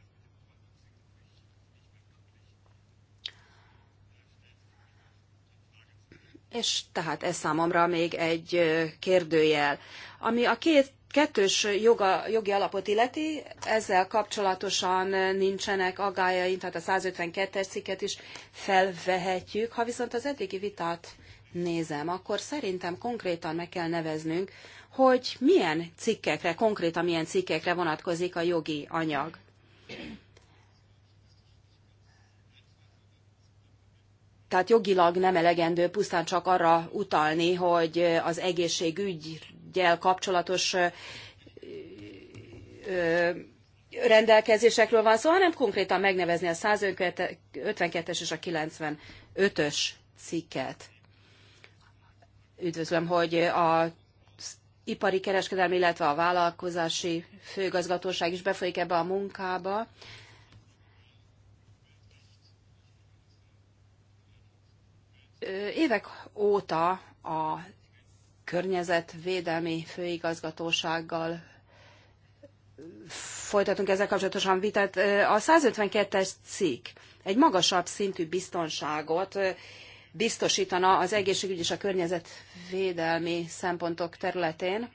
és tehát ez számomra még egy kérdőjel. Ami a két kettős joga, jogi alapot illeti, ezzel kapcsolatosan nincsenek agályaink, tehát a 152-es cikket is felvehetjük. Ha viszont az eddigi vitát nézem, akkor szerintem konkrétan meg kell neveznünk, hogy milyen cikkekre, konkrétan milyen cikkekre vonatkozik a jogi anyag. tehát jogilag nem elegendő pusztán csak arra utalni, hogy az egészségügyel kapcsolatos rendelkezésekről van szó, hanem konkrétan megnevezni a 152-es és a 95-ös cikket. Üdvözlöm, hogy a ipari kereskedelmi, illetve a vállalkozási főigazgatóság is befolyik ebbe a munkába. évek óta a környezetvédelmi főigazgatósággal folytatunk ezzel kapcsolatosan vitát. A 152-es cikk egy magasabb szintű biztonságot biztosítana az egészségügy és a környezetvédelmi szempontok területén.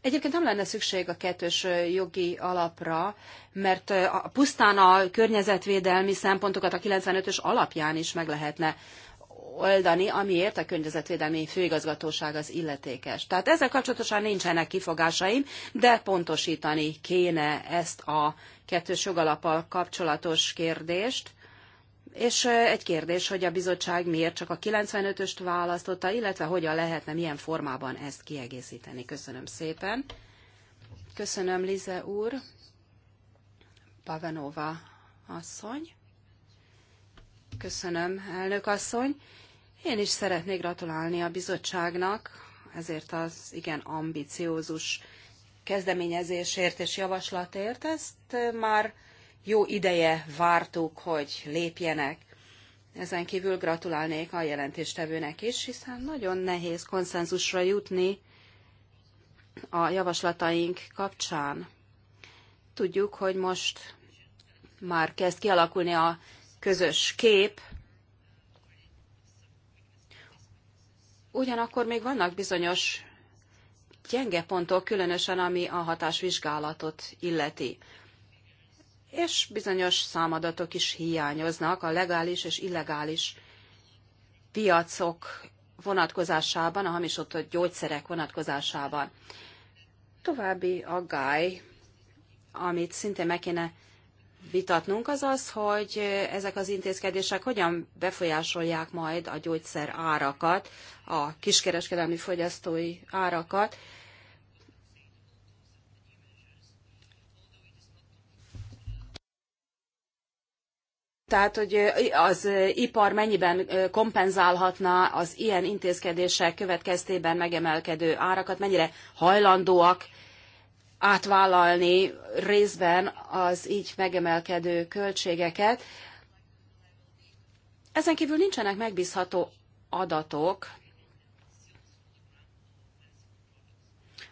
Egyébként nem lenne szükség a kettős jogi alapra, mert pusztán a környezetvédelmi szempontokat a 95-ös alapján is meg lehetne oldani, amiért a környezetvédelmi főigazgatóság az illetékes. Tehát ezzel kapcsolatosan nincsenek kifogásaim, de pontosítani kéne ezt a kettős jogalapal kapcsolatos kérdést, és egy kérdés, hogy a bizottság miért csak a 95-öst választotta, illetve hogyan lehetne, milyen formában ezt kiegészíteni. Köszönöm szépen. Köszönöm, Lize úr. Pavenova asszony. Köszönöm, elnök asszony. Én is szeretnék gratulálni a bizottságnak ezért az igen ambiciózus kezdeményezésért és javaslatért. Ezt már jó ideje vártuk, hogy lépjenek. Ezen kívül gratulálnék a jelentéstevőnek is, hiszen nagyon nehéz konszenzusra jutni a javaslataink kapcsán. Tudjuk, hogy most már kezd kialakulni a közös kép, ugyanakkor még vannak bizonyos gyenge pontok, különösen ami a hatásvizsgálatot illeti és bizonyos számadatok is hiányoznak a legális és illegális piacok vonatkozásában, a hamisított gyógyszerek vonatkozásában. További aggály, amit szintén meg kéne vitatnunk, az az, hogy ezek az intézkedések hogyan befolyásolják majd a gyógyszer árakat, a kiskereskedelmi fogyasztói árakat, Tehát, hogy az ipar mennyiben kompenzálhatná az ilyen intézkedések következtében megemelkedő árakat, mennyire hajlandóak átvállalni részben az így megemelkedő költségeket. Ezen kívül nincsenek megbízható adatok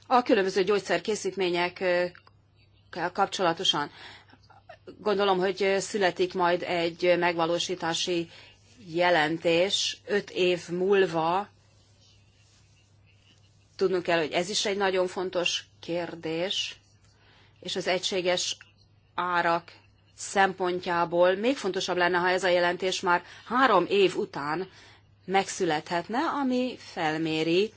a különböző gyógyszerkészítmények kapcsolatosan gondolom, hogy születik majd egy megvalósítási jelentés öt év múlva. Tudnunk kell, hogy ez is egy nagyon fontos kérdés, és az egységes árak szempontjából még fontosabb lenne, ha ez a jelentés már három év után megszülethetne, ami felméri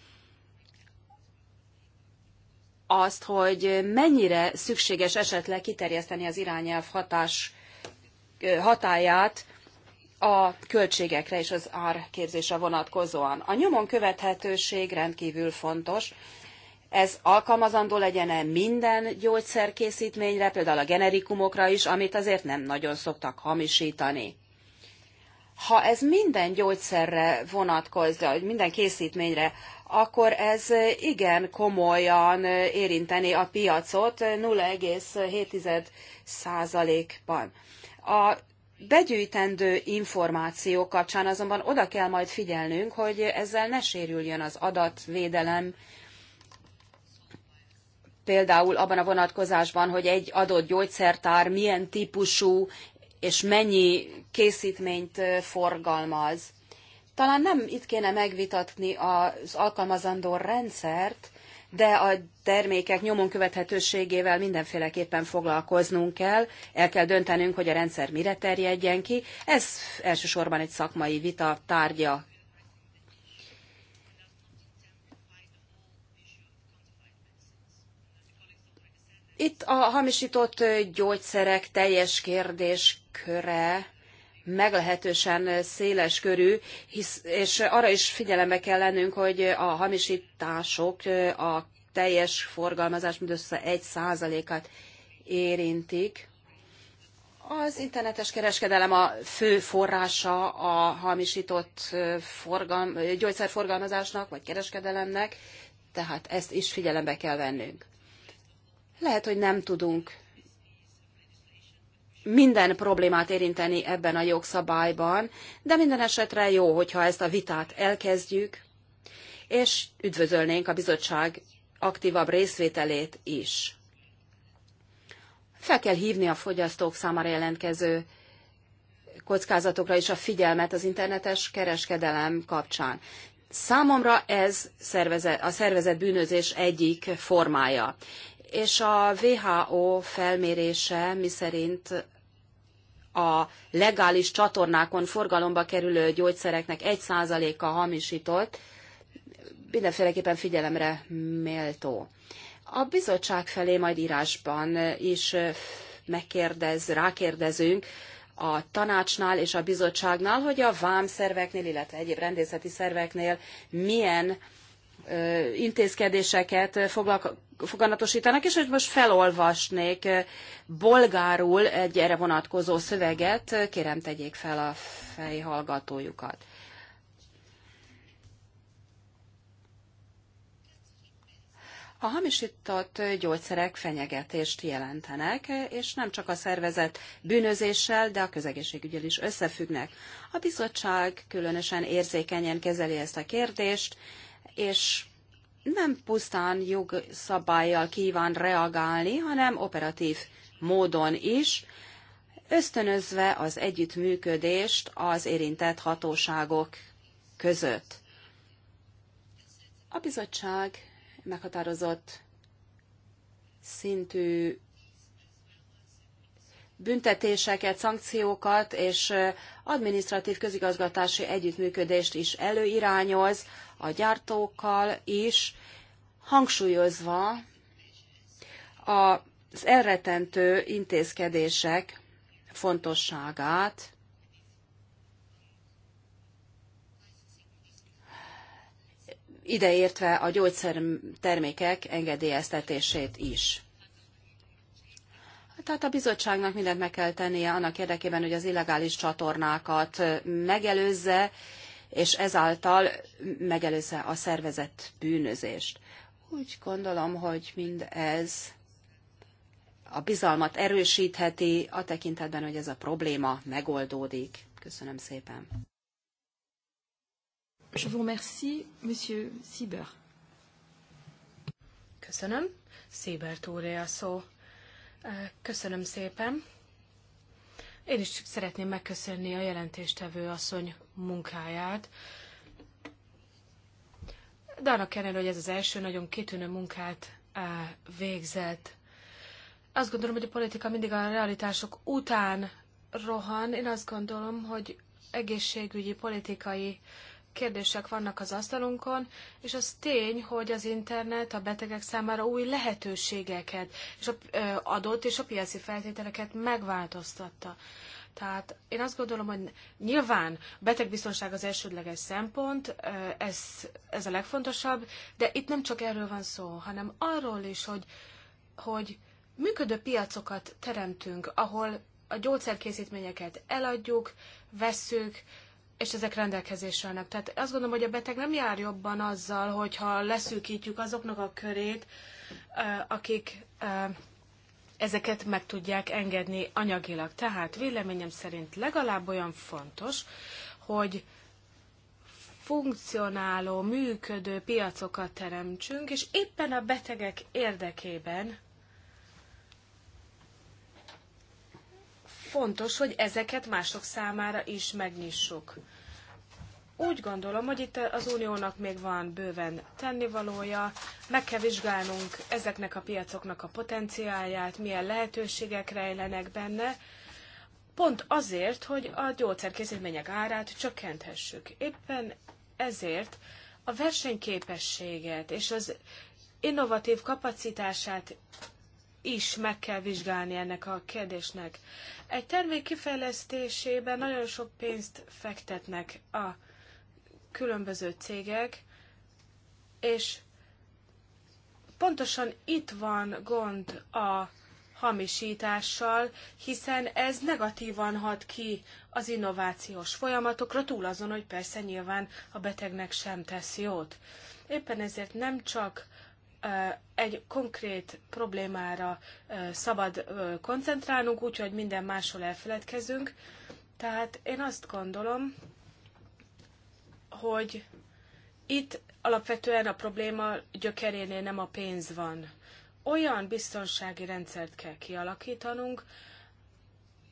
azt, hogy mennyire szükséges esetleg kiterjeszteni az irányelv hatás, hatáját a költségekre és az árképzésre vonatkozóan. A nyomon követhetőség rendkívül fontos. Ez alkalmazandó legyen-e minden gyógyszerkészítményre, például a generikumokra is, amit azért nem nagyon szoktak hamisítani. Ha ez minden gyógyszerre vonatkozza, minden készítményre akkor ez igen komolyan érinteni a piacot 0,7%-ban. A begyűjtendő információ kapcsán azonban oda kell majd figyelnünk, hogy ezzel ne sérüljön az adatvédelem, például abban a vonatkozásban, hogy egy adott gyógyszertár milyen típusú és mennyi készítményt forgalmaz. Talán nem itt kéne megvitatni az alkalmazandó rendszert, de a termékek nyomon követhetőségével mindenféleképpen foglalkoznunk kell, el kell döntenünk, hogy a rendszer mire terjedjen ki. Ez elsősorban egy szakmai vita tárgya Itt a hamisított gyógyszerek teljes kérdésköre meglehetősen széles körű, hisz, és arra is figyelembe kell lennünk, hogy a hamisítások a teljes forgalmazás mindössze egy át érintik. Az internetes kereskedelem a fő forrása a hamisított forgalm, gyógyszerforgalmazásnak vagy kereskedelemnek, tehát ezt is figyelembe kell vennünk. Lehet, hogy nem tudunk minden problémát érinteni ebben a jogszabályban, de minden esetre jó, hogyha ezt a vitát elkezdjük, és üdvözölnénk a bizottság aktívabb részvételét is. Fel kell hívni a fogyasztók számára jelentkező kockázatokra is a figyelmet az internetes kereskedelem kapcsán. Számomra ez a szervezett bűnözés egyik formája és a WHO felmérése, miszerint a legális csatornákon forgalomba kerülő gyógyszereknek egy a hamisított, mindenféleképpen figyelemre méltó. A bizottság felé majd írásban is megkérdez, rákérdezünk a tanácsnál és a bizottságnál, hogy a vámszerveknél, illetve egyéb rendészeti szerveknél milyen intézkedéseket foganatosítanak, és hogy most felolvasnék bolgárul egy erre vonatkozó szöveget, kérem tegyék fel a fejhallgatójukat. A hamisított gyógyszerek fenyegetést jelentenek, és nem csak a szervezet bűnözéssel, de a közegészségügyel is összefüggnek. A bizottság különösen érzékenyen kezeli ezt a kérdést, és nem pusztán jogszabályjal kíván reagálni, hanem operatív módon is, ösztönözve az együttműködést az érintett hatóságok között. A bizottság meghatározott szintű büntetéseket, szankciókat és adminisztratív közigazgatási együttműködést is előirányoz a gyártókkal is, hangsúlyozva az elretentő intézkedések fontosságát, ideértve a gyógyszertermékek engedélyeztetését is. Tehát a bizottságnak mindent meg kell tennie annak érdekében, hogy az illegális csatornákat megelőzze, és ezáltal megelőzze a szervezett bűnözést. Úgy gondolom, hogy mind ez a bizalmat erősítheti a tekintetben, hogy ez a probléma megoldódik. Köszönöm szépen. Je vous remercie, Monsieur Sieber. Köszönöm. Sieber, úré a szó. Köszönöm szépen. Én is szeretném megköszönni a jelentéstevő asszony munkáját. De annak ellenére, hogy ez az első nagyon kitűnő munkát eh, végzett. Azt gondolom, hogy a politika mindig a realitások után rohan. Én azt gondolom, hogy egészségügyi politikai uh, kérdések vannak az asztalunkon, és az tény, hogy az internet a betegek számára új lehetőségeket és a, adott, és a piaci feltételeket megváltoztatta. Tehát én azt gondolom, hogy nyilván betegbiztonság az elsődleges szempont, ez, ez a legfontosabb, de itt nem csak erről van szó, hanem arról is, hogy, hogy működő piacokat teremtünk, ahol a gyógyszerkészítményeket eladjuk, vesszük, és ezek rendelkezésre állnak. Tehát azt gondolom, hogy a beteg nem jár jobban azzal, hogyha leszűkítjük azoknak a körét, akik ezeket meg tudják engedni anyagilag. Tehát véleményem szerint legalább olyan fontos, hogy funkcionáló, működő piacokat teremtsünk, és éppen a betegek érdekében fontos, hogy ezeket mások számára is megnyissuk. Úgy gondolom, hogy itt az uniónak még van bőven tennivalója, meg kell vizsgálnunk ezeknek a piacoknak a potenciálját, milyen lehetőségek rejlenek benne, pont azért, hogy a gyógyszerkészítmények árát csökkenthessük. Éppen ezért a versenyképességet és az innovatív kapacitását is meg kell vizsgálni ennek a kérdésnek. Egy termék kifejlesztésében nagyon sok pénzt fektetnek a különböző cégek, és pontosan itt van gond a hamisítással, hiszen ez negatívan hat ki az innovációs folyamatokra, túl azon, hogy persze nyilván a betegnek sem tesz jót. Éppen ezért nem csak egy konkrét problémára szabad koncentrálnunk, úgyhogy minden máshol elfeledkezünk. Tehát én azt gondolom, hogy itt alapvetően a probléma gyökerénél nem a pénz van. Olyan biztonsági rendszert kell kialakítanunk,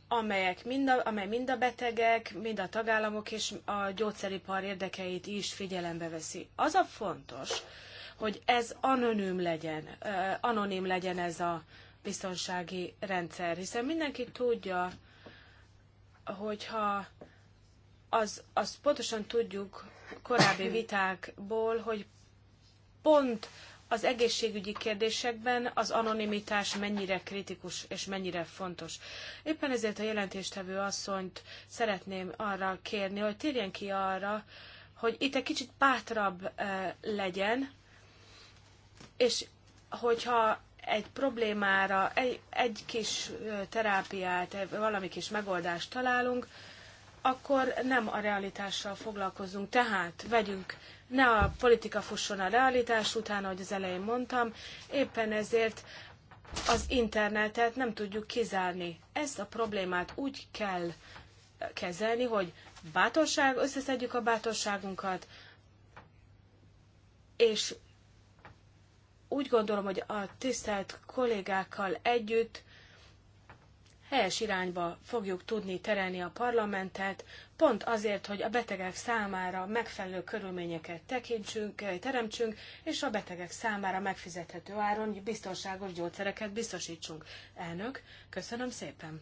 amelyek mind a, amely mind a betegek, mind a tagállamok és a gyógyszeripar érdekeit is figyelembe veszi. Az a fontos, hogy ez anonim legyen, anonim legyen ez a biztonsági rendszer, hiszen mindenki tudja, hogyha az, az pontosan tudjuk korábbi vitákból, hogy pont az egészségügyi kérdésekben az anonimitás mennyire kritikus és mennyire fontos. Éppen ezért a jelentéstevő asszonyt szeretném arra kérni, hogy térjen ki arra, hogy itt egy kicsit bátrabb legyen, és hogyha egy problémára egy, egy kis terápiát, valami kis megoldást találunk, akkor nem a realitással foglalkozunk. Tehát vegyünk, ne a politika fusson a realitás után, ahogy az elején mondtam, éppen ezért az internetet nem tudjuk kizárni. Ezt a problémát úgy kell kezelni, hogy bátorság, összeszedjük a bátorságunkat, és úgy gondolom, hogy a tisztelt kollégákkal együtt helyes irányba fogjuk tudni terelni a parlamentet, pont azért, hogy a betegek számára megfelelő körülményeket tekintsünk, teremtsünk, és a betegek számára megfizethető áron biztonságos gyógyszereket biztosítsunk. Elnök, köszönöm szépen!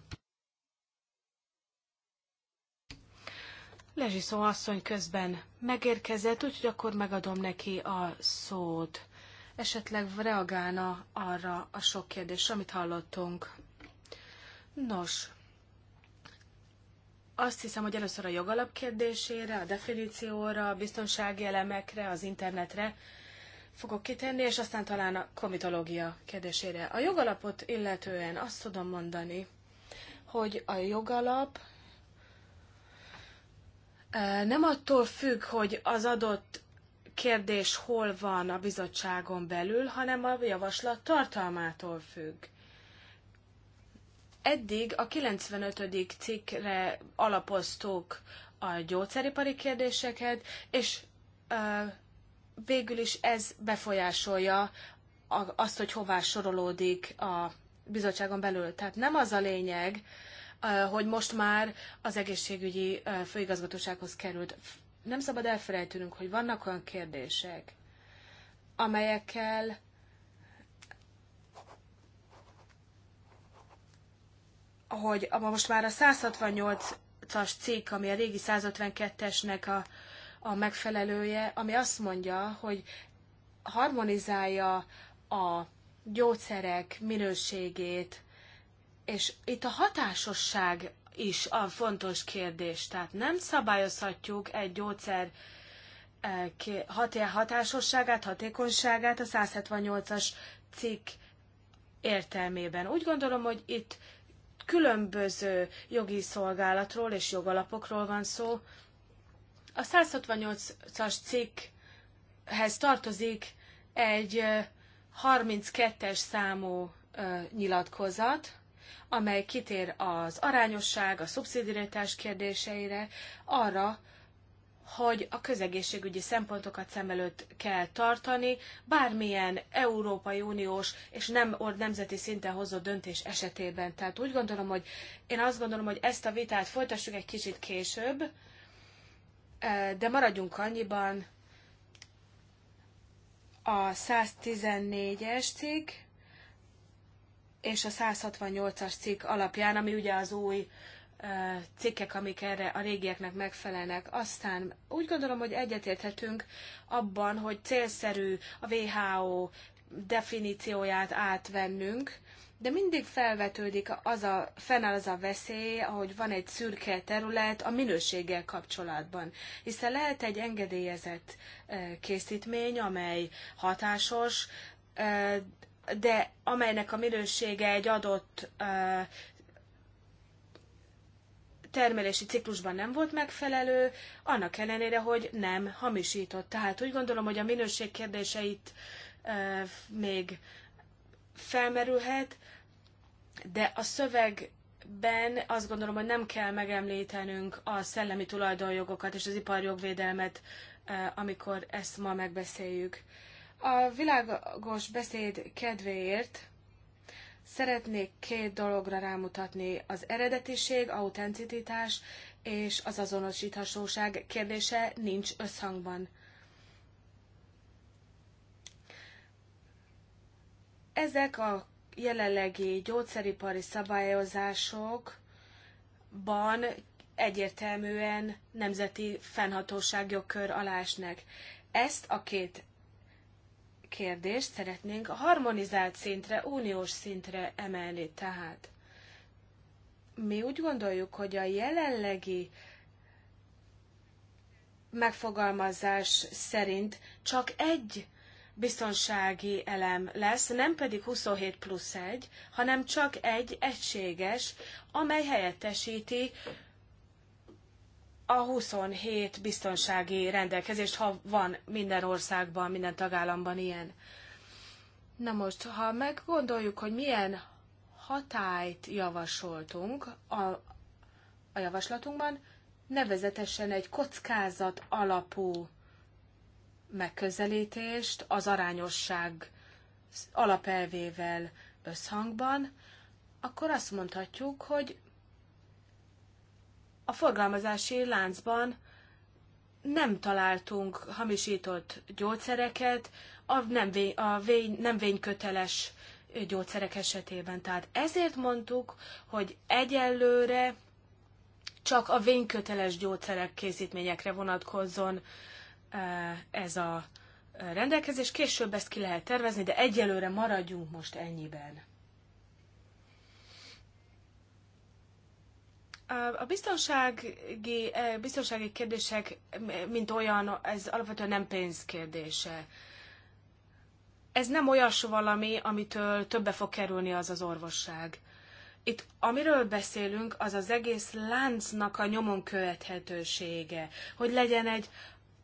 Lezsiszó asszony közben megérkezett, úgyhogy akkor megadom neki a szót esetleg reagálna arra a sok kérdésre, amit hallottunk. Nos, azt hiszem, hogy először a jogalap kérdésére, a definícióra, a biztonsági elemekre, az internetre fogok kitenni, és aztán talán a komitológia kérdésére. A jogalapot illetően azt tudom mondani, hogy a jogalap eh, nem attól függ, hogy az adott kérdés hol van a bizottságon belül, hanem a javaslat tartalmától függ. Eddig a 95. cikkre alapoztuk a gyógyszeripari kérdéseket, és végül is ez befolyásolja azt, hogy hová sorolódik a bizottságon belül. Tehát nem az a lényeg, hogy most már az egészségügyi főigazgatósághoz került nem szabad elfelejtenünk, hogy vannak olyan kérdések, amelyekkel hogy most már a 168-as cikk, ami a régi 152-esnek a, a megfelelője, ami azt mondja, hogy harmonizálja a gyógyszerek minőségét, és itt a hatásosság is a fontos kérdés. Tehát nem szabályozhatjuk egy gyógyszer eh, hatásosságát, hatékonyságát a 178-as cikk értelmében. Úgy gondolom, hogy itt különböző jogi szolgálatról és jogalapokról van szó. A 168-as cikkhez tartozik egy 32-es eh, számú eh, nyilatkozat, amely kitér az arányosság, a szubszidiaritás kérdéseire, arra, hogy a közegészségügyi szempontokat szem előtt kell tartani, bármilyen Európai Uniós és nem nemzeti szinten hozott döntés esetében. Tehát úgy gondolom, hogy én azt gondolom, hogy ezt a vitát folytassuk egy kicsit később, e, de maradjunk annyiban a 114-es cikk, és a 168-as cikk alapján, ami ugye az új cikkek, amik erre a régieknek megfelelnek. Aztán úgy gondolom, hogy egyetérthetünk abban, hogy célszerű a WHO definícióját átvennünk, de mindig felvetődik az a, fennáll az a veszély, hogy van egy szürke terület a minőséggel kapcsolatban. Hiszen lehet egy engedélyezett készítmény, amely hatásos, de amelynek a minősége egy adott termelési ciklusban nem volt megfelelő, annak ellenére, hogy nem hamisított. Tehát úgy gondolom, hogy a minőség kérdéseit még felmerülhet, de a szövegben azt gondolom, hogy nem kell megemlítenünk a szellemi tulajdonjogokat és az iparjogvédelmet, amikor ezt ma megbeszéljük. A világos beszéd kedvéért szeretnék két dologra rámutatni. Az eredetiség, autenticitás és az azonosíthatóság kérdése nincs összhangban. Ezek a jelenlegi gyógyszeripari szabályozásokban egyértelműen nemzeti fennhatóság jogkör alá Ezt a két kérdést szeretnénk a harmonizált szintre, uniós szintre emelni. Tehát mi úgy gondoljuk, hogy a jelenlegi megfogalmazás szerint csak egy biztonsági elem lesz, nem pedig 27 plusz 1, hanem csak egy egységes, amely helyettesíti a 27 biztonsági rendelkezést, ha van minden országban, minden tagállamban ilyen. Na most, ha meggondoljuk, hogy milyen hatályt javasoltunk a, a javaslatunkban, nevezetesen egy kockázat alapú megközelítést az arányosság alapelvével összhangban, akkor azt mondhatjuk, hogy a forgalmazási láncban nem találtunk hamisított gyógyszereket, a nem, vény, a vény, nem vényköteles gyógyszerek esetében. Tehát ezért mondtuk, hogy egyelőre csak a vényköteles gyógyszerek készítményekre vonatkozzon e, ez a rendelkezés. Később ezt ki lehet tervezni, de egyelőre maradjunk most ennyiben. A biztonsági, e, biztonsági kérdések, mint olyan, ez alapvetően nem pénz kérdése. Ez nem olyas valami, amitől többe fog kerülni az az orvosság. Itt amiről beszélünk, az az egész láncnak a nyomon követhetősége, hogy legyen egy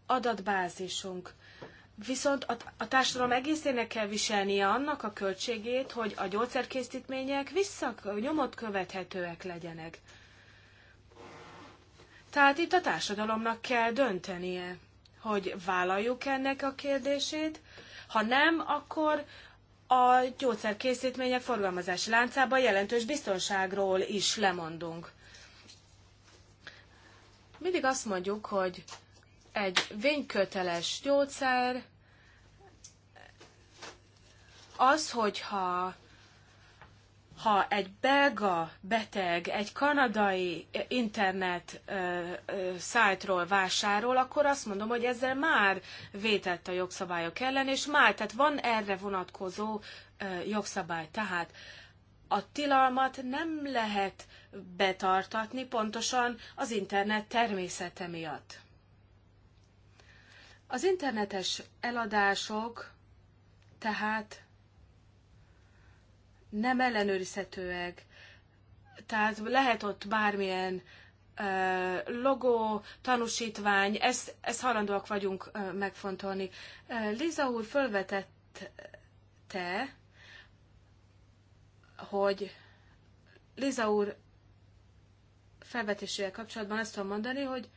adatbázisunk. Viszont a, a társadalom egészének kell viselnie annak a költségét, hogy a gyógyszerkészítmények vissza nyomot követhetőek legyenek. Tehát itt a társadalomnak kell döntenie, hogy vállaljuk ennek a kérdését, ha nem, akkor a gyógyszerkészítmények forgalmazási láncában jelentős biztonságról is lemondunk. Mindig azt mondjuk, hogy egy vényköteles gyógyszer az, hogyha ha egy belga beteg egy kanadai internet szájtról vásárol, akkor azt mondom, hogy ezzel már vétett a jogszabályok ellen, és már, tehát van erre vonatkozó jogszabály. Tehát a tilalmat nem lehet betartatni pontosan az internet természete miatt. Az internetes eladások tehát nem ellenőrizhetőek. Tehát lehet ott bármilyen logó, tanúsítvány, ezt, ezt halandóak vagyunk megfontolni. Liza úr fölvetette, hogy Liza úr felvetésével kapcsolatban azt tudom mondani, hogy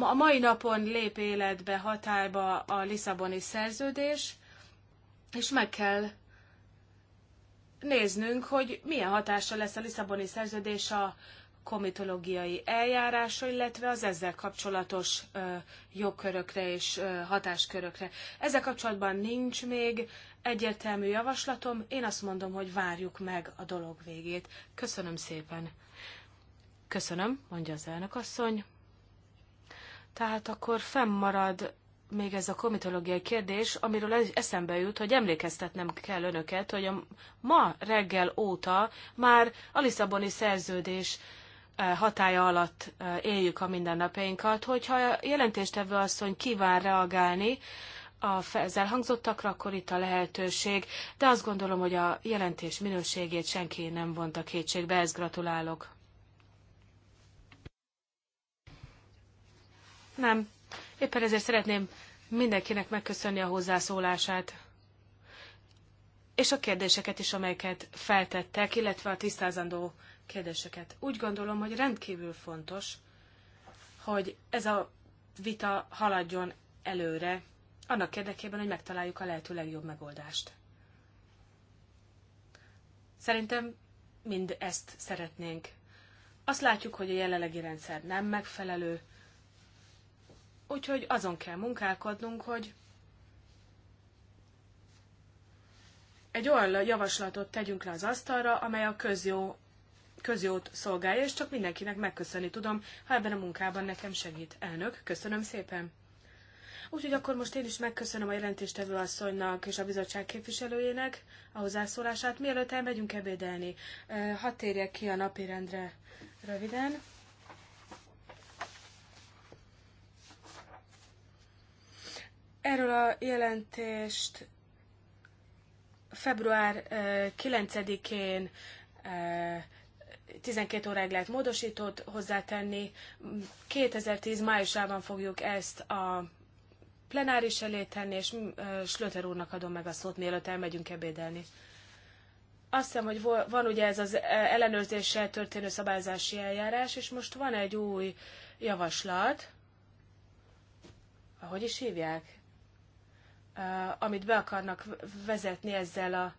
a mai napon lép életbe, hatályba a Lisszaboni szerződés, és meg kell néznünk, hogy milyen hatása lesz a Lisszaboni szerződés a komitológiai eljárásra, illetve az ezzel kapcsolatos ö, jogkörökre és ö, hatáskörökre. Ezzel kapcsolatban nincs még egyértelmű javaslatom, én azt mondom, hogy várjuk meg a dolog végét. Köszönöm szépen. Köszönöm, mondja az elnök asszony. Tehát akkor fennmarad még ez a komitológiai kérdés, amiről eszembe jut, hogy emlékeztetnem kell önöket, hogy a ma reggel óta már a Lisszaboni szerződés e, hatája alatt e, éljük a mindennapjainkat, hogyha jelentéstevő asszony kíván reagálni, a ezzel hangzottakra, akkor itt a lehetőség, de azt gondolom, hogy a jelentés minőségét senki nem vonta kétségbe, ezt gratulálok. Nem, Éppen ezért szeretném mindenkinek megköszönni a hozzászólását, és a kérdéseket is, amelyeket feltettek, illetve a tisztázandó kérdéseket. Úgy gondolom, hogy rendkívül fontos, hogy ez a vita haladjon előre, annak érdekében, hogy megtaláljuk a lehető legjobb megoldást. Szerintem mind ezt szeretnénk. Azt látjuk, hogy a jelenlegi rendszer nem megfelelő, Úgyhogy azon kell munkálkodnunk, hogy egy olyan javaslatot tegyünk le az asztalra, amely a közjó, közjót szolgálja, és csak mindenkinek megköszönni tudom, ha ebben a munkában nekem segít. Elnök, köszönöm szépen! Úgyhogy akkor most én is megköszönöm a jelentéstevő asszonynak és a bizottság képviselőjének a hozzászólását. Mielőtt elmegyünk ebédelni, eh, hadd térjek ki a napirendre röviden. Erről a jelentést február 9-én 12 óráig lehet módosítót hozzátenni. 2010 májusában fogjuk ezt a plenáris elé tenni, és Slöter úrnak adom meg a szót, mielőtt elmegyünk ebédelni. Azt hiszem, hogy van ugye ez az ellenőrzéssel történő szabályzási eljárás, és most van egy új javaslat. Ahogy is hívják? Eh, amit be akarnak vezetni ezzel a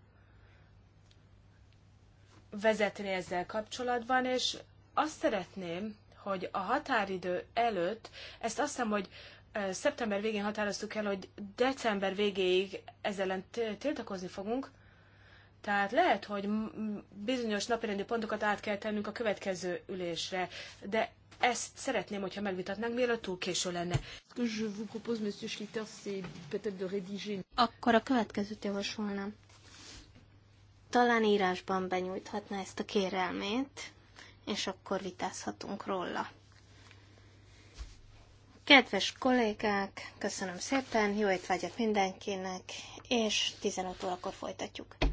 vezetni ezzel kapcsolatban, és azt szeretném, hogy a határidő előtt, ezt azt hiszem, hogy eh, szeptember végén határoztuk el, hogy december végéig ezzel ellen tiltakozni fogunk, tehát lehet, hogy bizonyos napirendi pontokat át kell tennünk a következő ülésre, de ezt szeretném, hogyha megvitatnánk, mielőtt túl késő lenne. Akkor a következőt javasolnám. Talán írásban benyújthatná ezt a kérelmét, és akkor vitázhatunk róla. Kedves kollégák, köszönöm szépen, jó étvágyat mindenkinek, és 15 órakor folytatjuk.